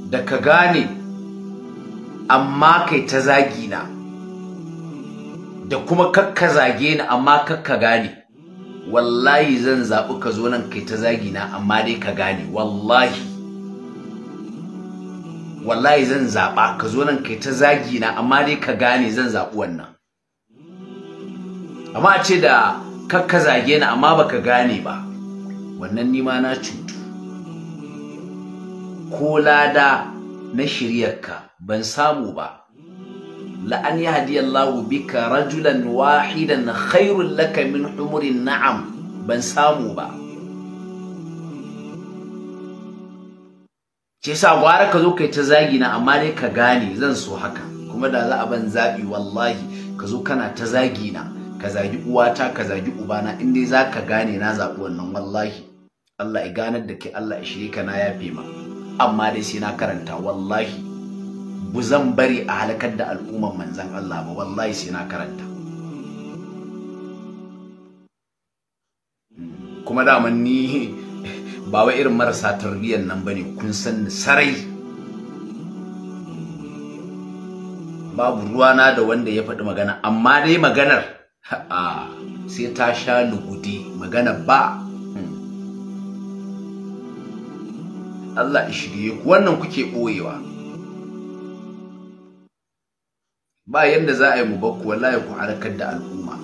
da ka gane amma kai ta zagi na da kuma kakka zage ni amma kakka gane wallahi zan zaɓi ka zo nan kai ta zagi na amma dai ka gane wallahi wallahi zan zaɓa ka zo nan kai ta zagi na amma dai ka gane zan zaɓi wannan amma a ce da kakka zage ni amma baka gane ba wannan nima na cutu ko lada na shiryarka ban samu ba la'an ya hadiyallahu bika rajulan wahidan na laka min umurin na'am ban samu ba ce sa gwara ka zo kai ta zagi na amma dai ka gane zan so haka kuma da za a ban zaɓi wallahi ka zo kana ta zagi na ka zagi uwata ka zagi ubana in dai za ka gane na zaɓi wannan wallahi Allah ya ganar da ke Allah ya shirika ka na yafe ma amma dai sai na karanta wallahi bu zan bari a halakar da al'umman manzan Allah ba wallahi sai na karanta kuma dama ni ba wai irin marasa tarbiyyar nan bane kun san ni sarai babu na da wanda ya faɗi magana amma dai maganar a sai ta sha lugudi magana ba hmm. Allah shirye wannan kuke ɓoyewa. ba yadda za a yi mubakku bakku wallahi ku harkar da al'umma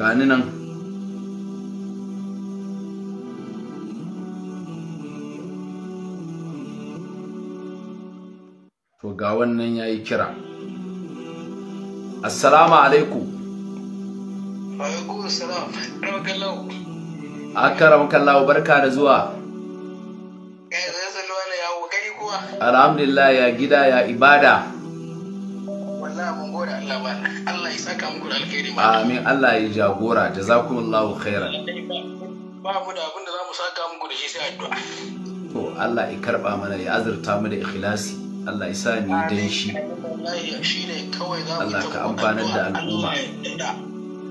gani nan to ga wannan ya yi kira assalamu alaikum akaram kallawa barka da zuwa alhamdulillah ya gida ya ibada amin Allah ya jagora jazakumullahu khairan ba mu da abin da za mu saka muku da shi sai addu'a to Allah ya karba mana ya azurta mu da ikhlasi Allah ya sa ni dan shi Allah ka amfanar da al'umma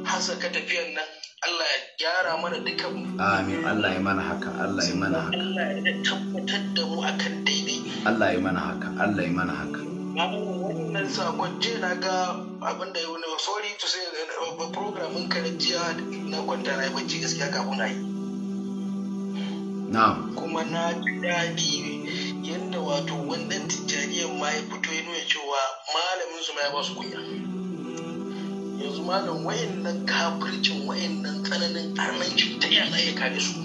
hasaka tafiyan nan Allah ya gyara mana dukan amin Allah ya mana haka Allah ya mana haka Allah ya tabbatar da mu akan daidai Allah ya mana haka Allah ya mana haka wannan sakon je na ga abin da yau ne sorry to say eh, ba programin ka na jiya na kwanta na bacci gaskiya kafin na yi na'am kuma na daɗi yanda wato wannan tijjaniyar ma ya fito ya nuna cewa malamin su ma ya ba su kunya yanzu malam wayannan kafircin wayannan tsananin arnanci ta iya za ya kare su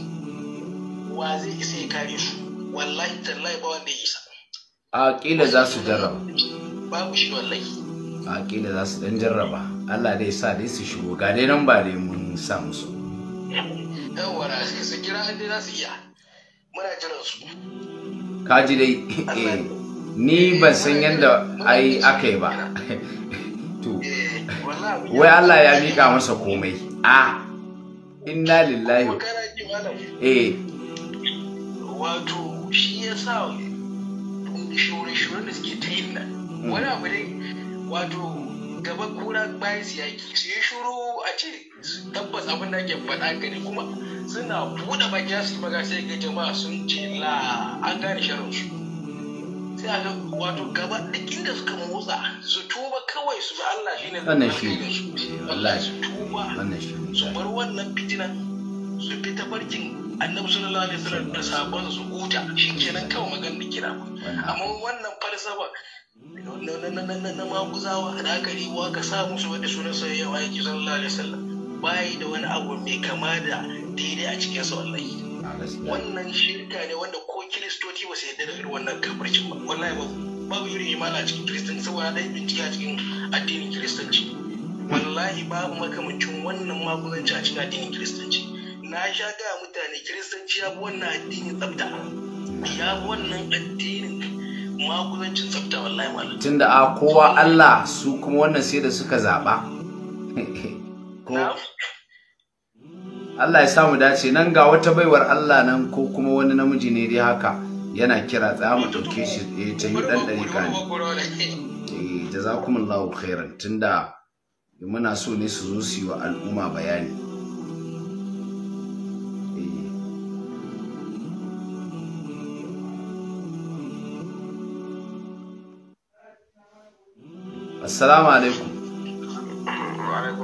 wa zai isa ya kare su wallahi tallahi ba wanda ya isa a kila za su jarraba babu shi wallahi a kila za su dan jarraba Allah dai sa dai su shigo ga dai nan ba dai mun sa musu yawa ra su su kira dai za su iya muna jiran su kaji dai eh, ni ban san yadda ai aka yi ba to eh, wai Allah ya miƙa masa komai a inna lillahi eh wato shi ya sa shure-shure da suke ta yin nan hmm. wani abu ne wato gaba kura bayan su yaki su yi shuru a ce tabbas abin da ke faɗa gani kuma suna buɗe baki su magasai ga jama'a sun ce la an gane sharon su sai ga wato gaba duk da suka motsa su tuba kawai su bi Allah shi ne wannan shi eh, wallahi su tuba wannan shi su bar wannan fitinan su fi barkin annabi sallallahu alaihi wasallam da sabon su huta shikenan kawai maganar kira amma wannan falsafa na maguzawa a aka riwa ka sa musu wani sunan sayayyawa yake sallallahu alaihi wasallam bayi da wani abu mai kama da daidai a cikin sa wallahi wannan shirka ne wanda ko kiristoci ba su yadda da irin wannan kafircin ba wallahi ba babu irin imana cikin kiristanci saboda dai bincike a cikin addinin kiristanci wallahi babu makamancin wannan magudanci a cikin addinin kiristanci na sha ga mutane kiristanci ya bi wannan addinin tsafta ya bi wannan addinin magunancin tsafta wallahi malam tunda a kowa Allah su kuma wannan sai da suka zaba Allah ya samu dace nan ga wata baiwar Allah nan ko kuma wani namiji ne dai haka yana kira tsaya mu dauke shi eh ta yi dan dare ka ne eh jazakumullahu khairan tunda muna so ne su zo su yi wa al'umma bayani eh. Assalamu alaikum.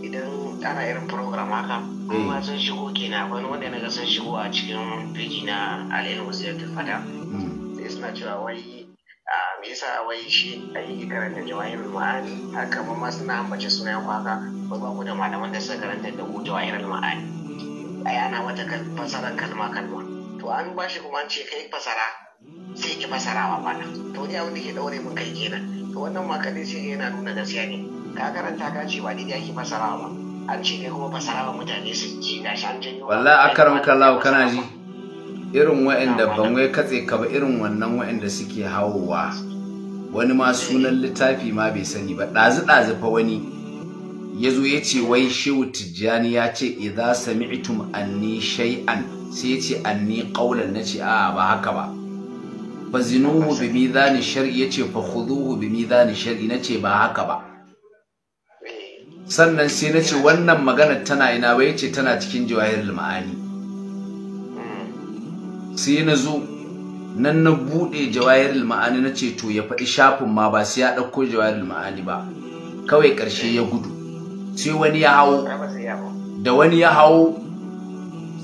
idan ana irin program haka kuma hmm. sun shigo kenan wani wanda na ga sun shigo a cikin biki na al'ilmu waziyar fada sai suna cewa wai me yasa wai shi a yi karanta jawahirul ma'ani haka ma suna ambace suna ku haka ba ba ku da malaman da suka karanta da ku jawahirul ma'ani a yana wata fasarar kalma kalma to an ba shi kuma ce kai fasara sai ki fasarawa bana to ni abin da ke daure mun kai kenan to wannan ma kadai sai yana nuna gaskiya ne ka karanta ka ce ba daidai ake fasara ba an ce kai kuma fasara ba mutane sun ji gashi shan janyo wallahi akaram kallahu kana ji irin wa'anda ban wai katse ka ba irin wannan wa'anda suke hawowa wani ma sunan eh. littafi ma bai sani ba ɗazu ɗazu fa wani ya zo ya ce wai shehu tijjani ya ce idza sami'tum anni shay'an sai ya ce anni qawlan nace a ba haka ba fazinuhu bi mizani shar'i yace fa khuduhu bi mizani shar'i nace ba haka ba sannan sai na ce wannan magana tana ina bai ce tana cikin jawahir ma'ani sai na zo nan na buɗe jawahir ma'ani na ce to ya faɗi shafin ma ba sai ya ɗauko jawahir ma'ani ba kawai ƙarshe ya gudu sai wani ya hau da wani ya hau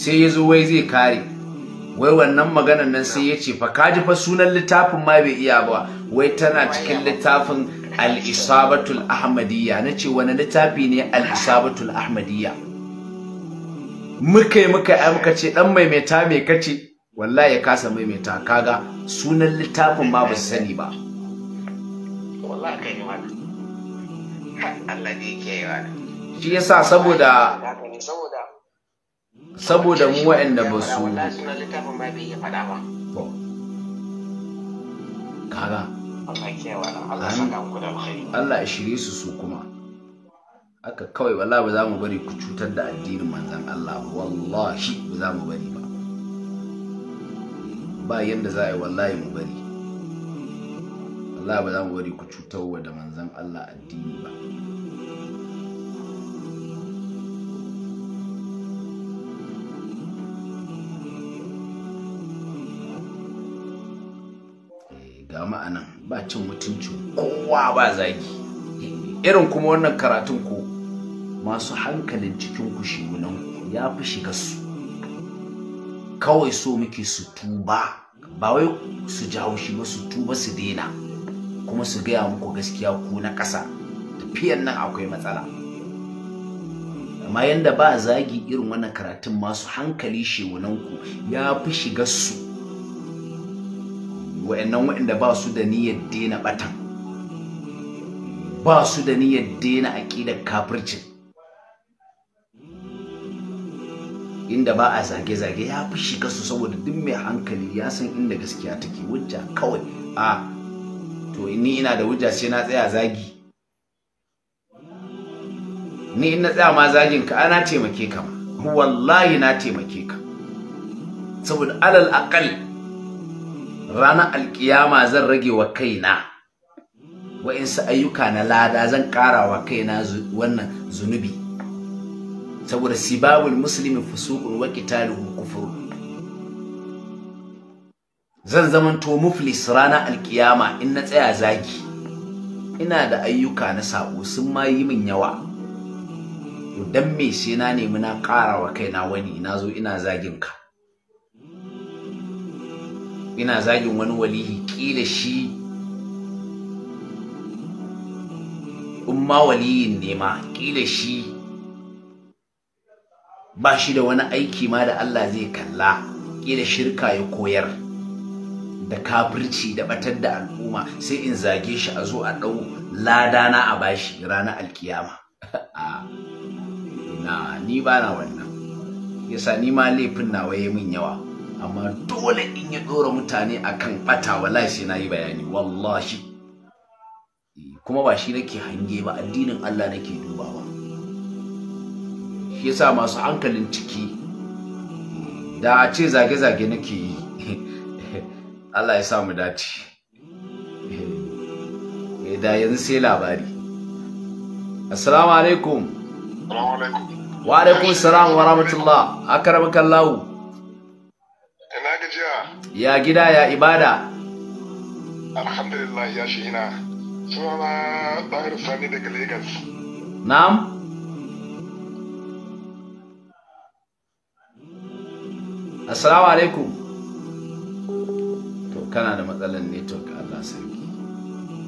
sai ya zo wai zai kare wai wannan maganan nan sai ya ce fa kaji fa sunan littafin ma bai iya ba wai tana cikin littafin al’isabatul ahmadiyya na ce wani littafi ne al’isabatul ahmadiyya muka yi muka yi muka ce ɗan maimaita mai kace wallahi ya kasa maimaita kaga sunan littafin ma ba su sani ba shi ya sa saboda saboda mu waɗanda ba su kaga Allah ya shirye su su kuma aka kawai wallahi ba za mu bari ku cutar da addinin manzan Allah wallahi ba za mu bari ba ba yadda za a yi wallahi mu bari wallahi ba za mu bari ku cutar wa da manzan Allah addini ba kama a nan ba cin mutunci kowa ba zagi irin kuma wannan karatun ku masu hankalin cikin ku shigunan ya fi shiga su kawai so muke su tuba ba wai su jawo shi ba su tuba su daina kuma su gaya muku gaskiya ku na ƙasa tafiyan nan akwai matsala amma yadda ba zagi irin wannan karatun masu hankali shewunanku ya fi shiga su wa'annan wa'anda ba su da niyyar daina batan ba su da niyyar daina aƙidar kafircin inda ba a zage-zage ya fi shiga su saboda duk mai hankali ya san inda gaskiya take wujja kawai a to ni ina da wujja sai na tsaya zagi ni in tsaya ma zagin ka ana taimake ka wallahi na taimake ka saboda alal aqal rana alkiyama zan rage wa kaina wa'insu ayyuka na lada zan ƙara wa kaina wannan zunubi saboda sibabul muslimi fusuqun wa qitaluhu kufur zan zamanto muflis ranar alkiyama in na tsaya zagi. ina da ayyuka na sako sun ma yi min yawa to dan me sai na nemi na ƙara wa kaina wani na zo ina zagin ka Ina zagin wani walihi kila shi umma waliyin ne ma kila shi ba shi da wani aiki ma da Allah zai kalla kila shirka ya koyar da kafirci da batar da al'umma sai in zage shi a zo a ɗau ladana a bashi ranar alkiyama ah, na ni ba na wannan yasa ni ma laifin nawa ya min yawa amma dole in ya dora mutane a kan bata wallahi sai yi bayani wallahi eh, kuma ba shi nake hange ba addinin Allah nake dubawa shi yasa masu hankalin ciki eh, da a ce zage-zage nake yi Allah ya sa mu dace eh, da yanzu sai labari assalamu alaikum wa alaikum salam wa rahmatullah akramaka Allah ya gida ya ibada alhamdulillah ya shi ina sunana ɗahir sani daga lagos na'am assalamu alaikum to kana da matsalan network allah sarki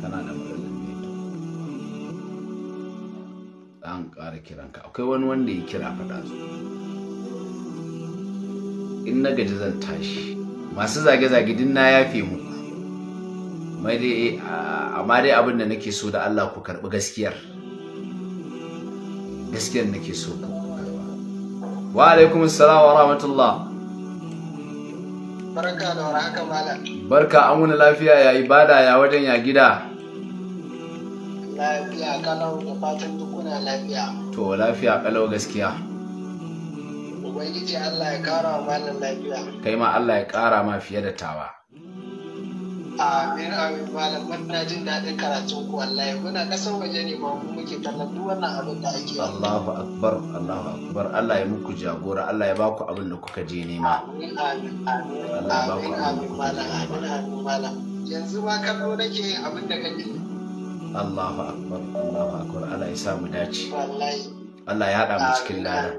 kana da matsalan network an ƙara kiranka akwai wani wanda ya kira faɗa in na gaji zan tashi masu zage-zage din na yafe muku amma dai abin da nake so da Allah ku karɓi gaskiyar gaskiyar nake so ku wa alaikum assalam wa rahmatullah barka da warhaka malam barka amuna lafiya ya ibada ya wajen ya gida lafiya kalau da fatan dukuna lafiya to lafiya kalau gaskiya ubangiji Allah ya kara wa malam lafiya kai ma Allah ya kara ma fiye da tawa amin amin malam muna jin daɗin karatun ku wallahi muna kasan waje ne ba mu muke kallon duk wannan abin da ake Allahu akbar Allahu akbar Allah ya muku jagora Allah ya ba ku abin da kuka je nema amin amin amin amin amin malam amin amin malam yanzu ma kallo nake yin abin da kake Allahu akbar Allahu akbar Allah ya sa mu dace wallahi Allah ya haɗa mu cikin lana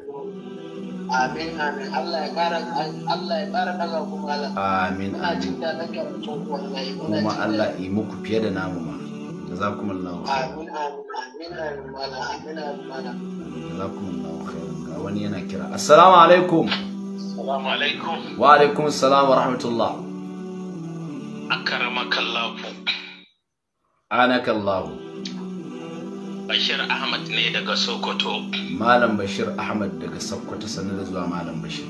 Amin amin Allah ya kara Allah ya kara daga ku Amin. Kuma Allah yi muku fiye da namu ma. Amin amin amin amin amin khairan. Ga wani yana kira. Assalamu alaikum. Assalamu alaikum. Wa alaikum assalam wa rahmatullah. Akaramakallahu. Anakallahu. Bashir Ahmad ne daga Sokoto. Malam Bashir Ahmad daga Sokoto sanar da zuwa Malam Bashir.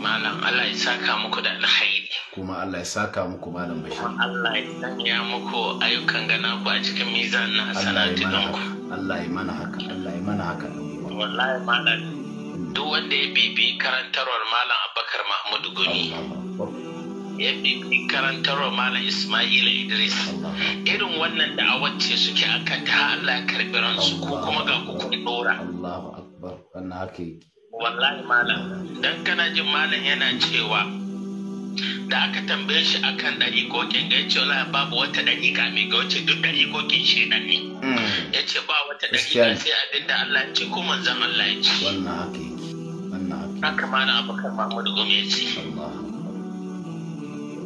Malam Allah ya saka muku da alhaini. Kuma Allah ya saka muku Malam Bashir. Kuma Allah ya sanya muku ayyukan gana ku a cikin mizan na sanatu ku. Allah ya mana haka, Allah ya mana haka. Wallahi malam duk wanda ya bibi karantarwar Malam Abubakar Mahmud Gumi. ya bibi karantarwa malam Ismail Idris irin wannan da a wacce suke aka ta Allah karbi ransu ko kuma ga ku kun dora wallahi malam dan kana jin malam yana cewa da aka tambaye shi akan ɗariƙoƙin ga yace wallahi babu wata ga mai ga wace duk ɗariƙoƙin shi nan ne hmm. yace ba wata ɗariƙa sai abinda Allah ya ce ko manzon Allah ya ce wannan haka yi wannan haka haka malam Abubakar Mahmud Gome ya ce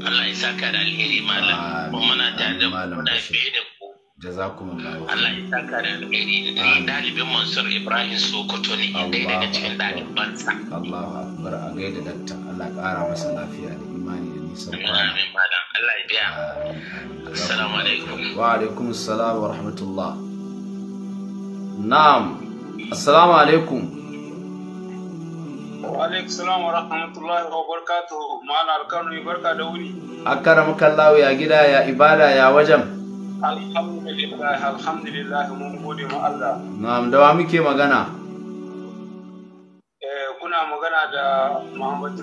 Allah ya saka da alheri malam kuma muna tare da kuna fiye da ku jazakumullahu Allah ya saka da alheri da dalibin Mansur Ibrahim Sokoto ne ɗaya daga cikin sa Allahu akbar a gaida dakta Allah kara masa lafiya da imani da nisan kwana amin malam Allah ya biya assalamu alaikum wa alaikum assalam wa rahmatullah na'am assalamu alaikum Alaikum salam wa rahmatullahi wa barakatuhu. Mala alkanu barka da wuni. karam kallawu ya gida ya ibada ya wajen. Alhamdulillah alhamdulillah mun gode ma Allah. Na'am da wa muke magana? Eh kuna magana da Muhammad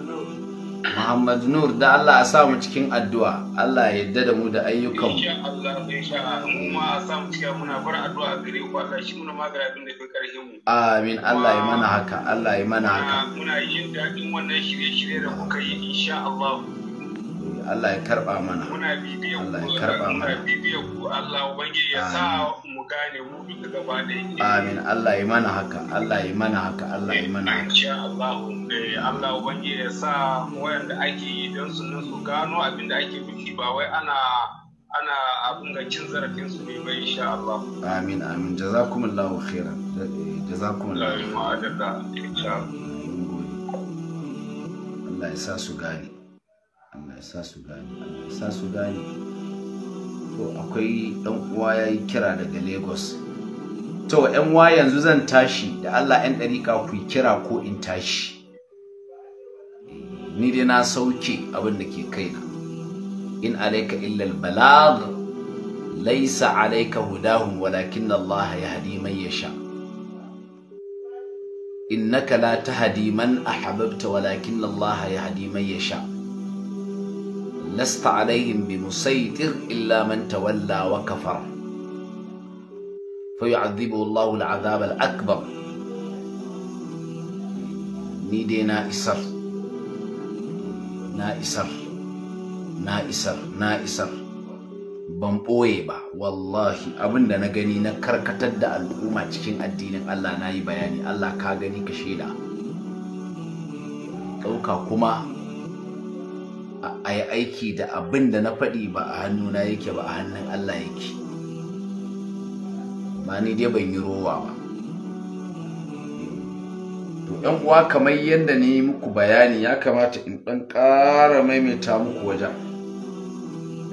Muhammad Nur da Allah a samu cikin addu'a Allah ya yarda da mu da ayyukan insha Allah insha Allah mu ma a samu muna bar addu'a gare ku Allah shi muna magana abin da mu amin Allah ya mana haka Allah ya mana haka muna yin dadin wannan shirye-shirye da kuka yi insha Allah Allah ya karba mana muna ku Allah ya karba mana muna ku Allah ubangiji ya sa gane mu duka gaba da yake amin Allah ya mana haka Allah ya mana haka Allah ya mana haka insha Allah Allah wani ya sa wayanda ake yi don su su gano abin da ake biki ba wai ana ana abin ga cin zarafin su ne bai insha Allah amin amin jazakumullahu khairan eh, jazakumullahu khairan Allah ya sa su gane Allah ya sa su gane Allah ya sa su gane to akwai ɗan uwa ya yi kira daga lagos to yan uwa yanzu zan tashi da allah yan ɗariƙa ku kira ko in tashi eh, ni dai na sauke abin da ke kaina in alaika illal balag laisa alaika hudahum walakin allah ya hadi man yasha innaka la tahdi man ahbabta walakin allah ya hadi man yasha لست عليهم بمسيطر إلا من تولى وكفر فيعذبه الله العذاب الأكبر نيدينا إسر نا إسر نا ban ɓoye ba wallahi abin da na gani na karkatar da al'umma cikin addinin Allah na yi bayani Allah ka gani ka shaida ɗauka kuma a yi aiki da abin da na faɗi ba a hannuna yake ba a hannun Allah yake ma ni dai ban yi rowa ba to yan uwa kamar yadda ne muku bayani ya kamata in ɗan ƙara maimaita muku wajen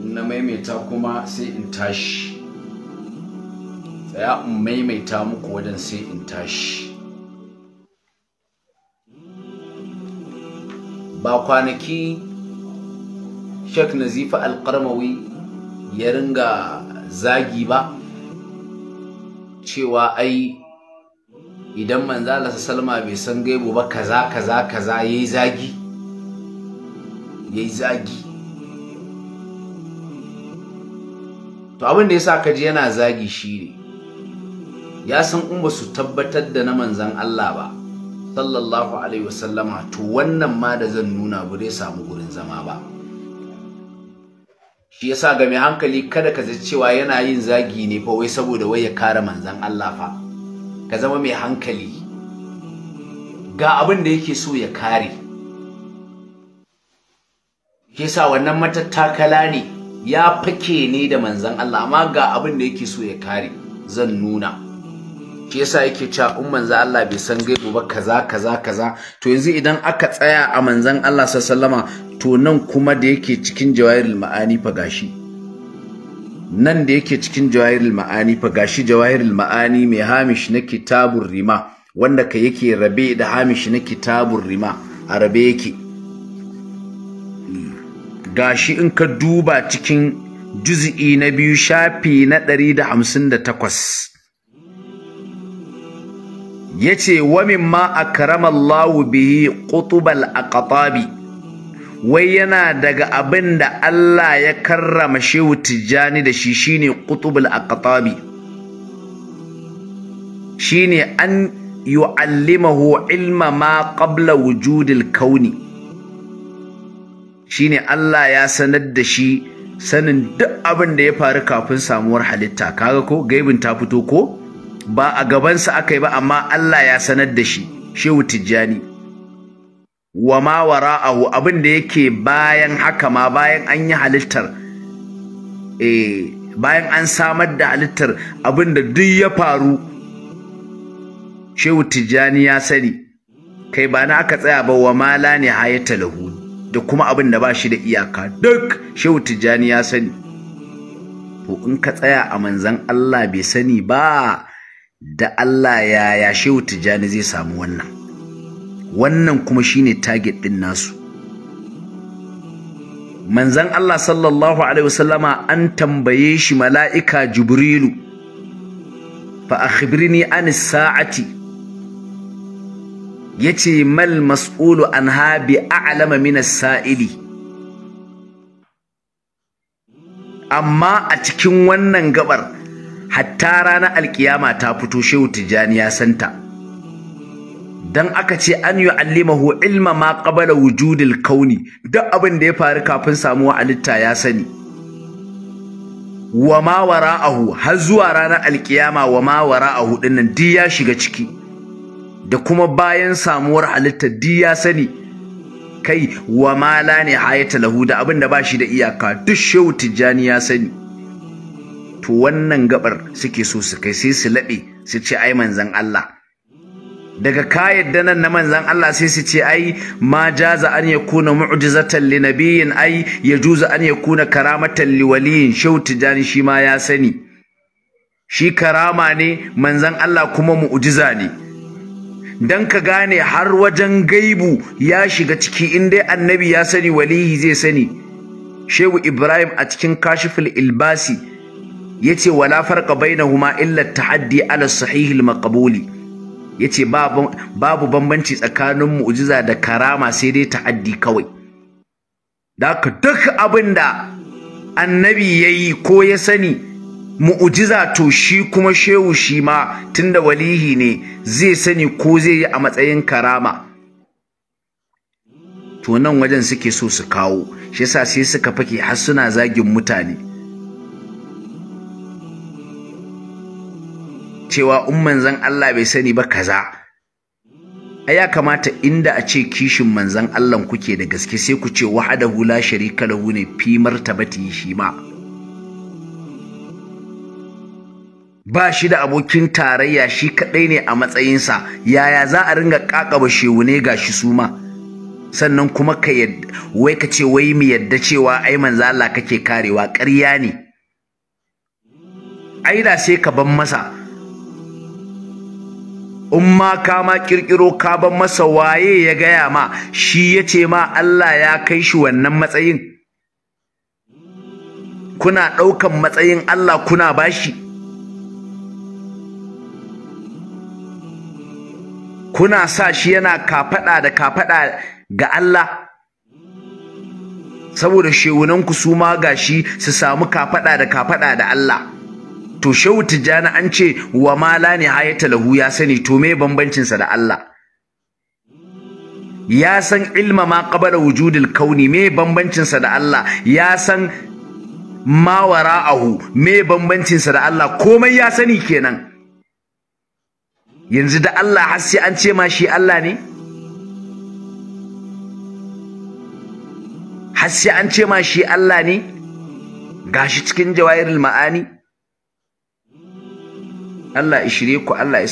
in na maimaita kuma sai in tashi tsaya in maimaita muku wajen sai in tashi ba kwanaki shek nazifa alƙarmawi ya ringa zagi ba cewa ai idan manzala salma bai san gaibo ba kaza kaza kaza yayi zagi yayi zagi to abin da yasa kaji yana zagi shi ne ya san in ba su tabbatar da na manzan Allah ba sallallahu alaihi wasallama to wannan ma da zan nuna ba zai samu gurin zama ba shi yasa ga mai hankali kada ka zaci cewa yana yin zagi ne fa wai saboda wai ya kare manzon Allah fa ka zama mai hankali ga abin da yake so ya kare shi yasa wannan matattakala ne ya fake ne da manzon Allah amma ga abin da yake so ya kare zan nuna shi yasa yake cewa in manzo Allah bai san gaibu ba kaza kaza kaza to yanzu idan aka tsaya a manzon Allah sallama to nan kuma da yake cikin jawahirul ma'ani fa gashi nan da yake cikin jawahirul ma'ani fa gashi jawahirul ma'ani mai hamish na kitabur rima wanda ka yake rabe da hamish na kitabur rima a rabe yake gashi in ka duba cikin juz'i na biyu shafi na 158 yace wa ma akramallahu bihi qutubal aqtabi wai yana daga abin da Allah ya karrama shehu tijjani da shi shine qutubul aqtabi shine an yu'allimahu ilma ma qabla wujudil kauni shine Allah ya sanar da shi sanin duk abin da ya faru kafin samuwar halitta kaga ko gaibin ta fito ko ba a gabansa aka yi ba amma Allah ya sanar da shi shehu tijjani wa ma wara'ahu abin da yake bayan haka ma bayan an yi halittar eh, bayan an samar da halittar abin da duk ya faru shehu tijjani ya sani kai ba na aka tsaya ba wa ne ne nihayata lahu da kuma abin da ba shi da iyaka duk shehu tijjani ya sani in ka tsaya a manzan Allah bai sani ba da Allah yaya wa Tijjani zai samu wannan wannan kuma shine target ɗin nasu Manzan Allah sallallahu alaihi wasallama an tambaye shi mala'ika Jibrilu fa akhbirni an sa'ati yace mal mas'ulu anha bi a'lama min as-sa'ili amma a cikin wannan gabar hatta ranar alkiyama ta fito shehu tijjani ya santa dan aka ce an yi allimahu ilma ma qabala wujudil kauni duk abin da ya faru kafin samuwa halitta ya sani wa ma wara'ahu har zuwa ranar alkiyama wa ma wara'ahu dinnan duk ya shiga ciki da kuma bayan samuwar halitta duk ya sani kai wa ma la ne hayata lahu da abin da ba shi da iyaka duk shehu tijjani ya sani wannan gabar suke so su kai sai su laɓe su ce ai manzan Allah daga ka yadda nan na manzan Allah sai su ce ai ma jaza an yakuna mu'jizatan li nabiyyin ai yajuzu an yakuna karamatan li waliyin shau jani shi ma ya sani shi karama ne manzan Allah kuma Mu'ujiza ne dan ka gane har wajen gaibu ya shiga ciki in dai annabi ya sani waliyi zai sani shehu Ibrahim a cikin kashiful ilbasi yace wala farqa bainahuma illa tahaddi ala sahih al yace babu babu bambanci tsakanin mu'jiza da karama sai dai ta'addi kawai da duk abinda annabi yayi ko ya sani mu'ujiza to shi kuma shehu shi ma tunda walihi ne zai sani ko zai yi a matsayin karama to nan wajen suke so su kawo shi yasa sai suka fake har suna zagin mutane cewa in manzan Allah bai sani ba kaza aya ya kamata inda a ce kishin manzan Allah kuke da gaske sai ku ce wahadahu la sharika lahu ne fi martabati shi ma ba shi da abokin tarayya shi kaɗai ne a matsayinsa yaya za a ringa kakaba shewune shi su ma sannan kuma ka wai ka ce wai mu yadda cewa ai manzan Allah kake karewa ƙarya ne ai da sai ka ban masa in ma kama ma kirkiro ka ban masa waye ya gaya ma shi ya ce ma Allah ya kai shi wannan matsayin kuna ɗaukan matsayin Allah kuna bashi kuna sa shi yana kafaɗa da kafaɗa ga Allah saboda shewunanku su ma gashi su samu kafaɗa da kafaɗa da Allah to shehu tijjani an ce wa mala ne nihayata lahu ya sani to me bambancin sa da Allah ya san ilma ma qabala wujudil kauni me bambancin sa da Allah ya san ma wara'ahu me bambancin sa da Allah komai ya sani kenan yanzu da Allah har sai an ce ma shi Allah ne har sai an ce ma shi Allah ne gashi cikin jawairul ma'ani Allah ya shirye ku Allah ya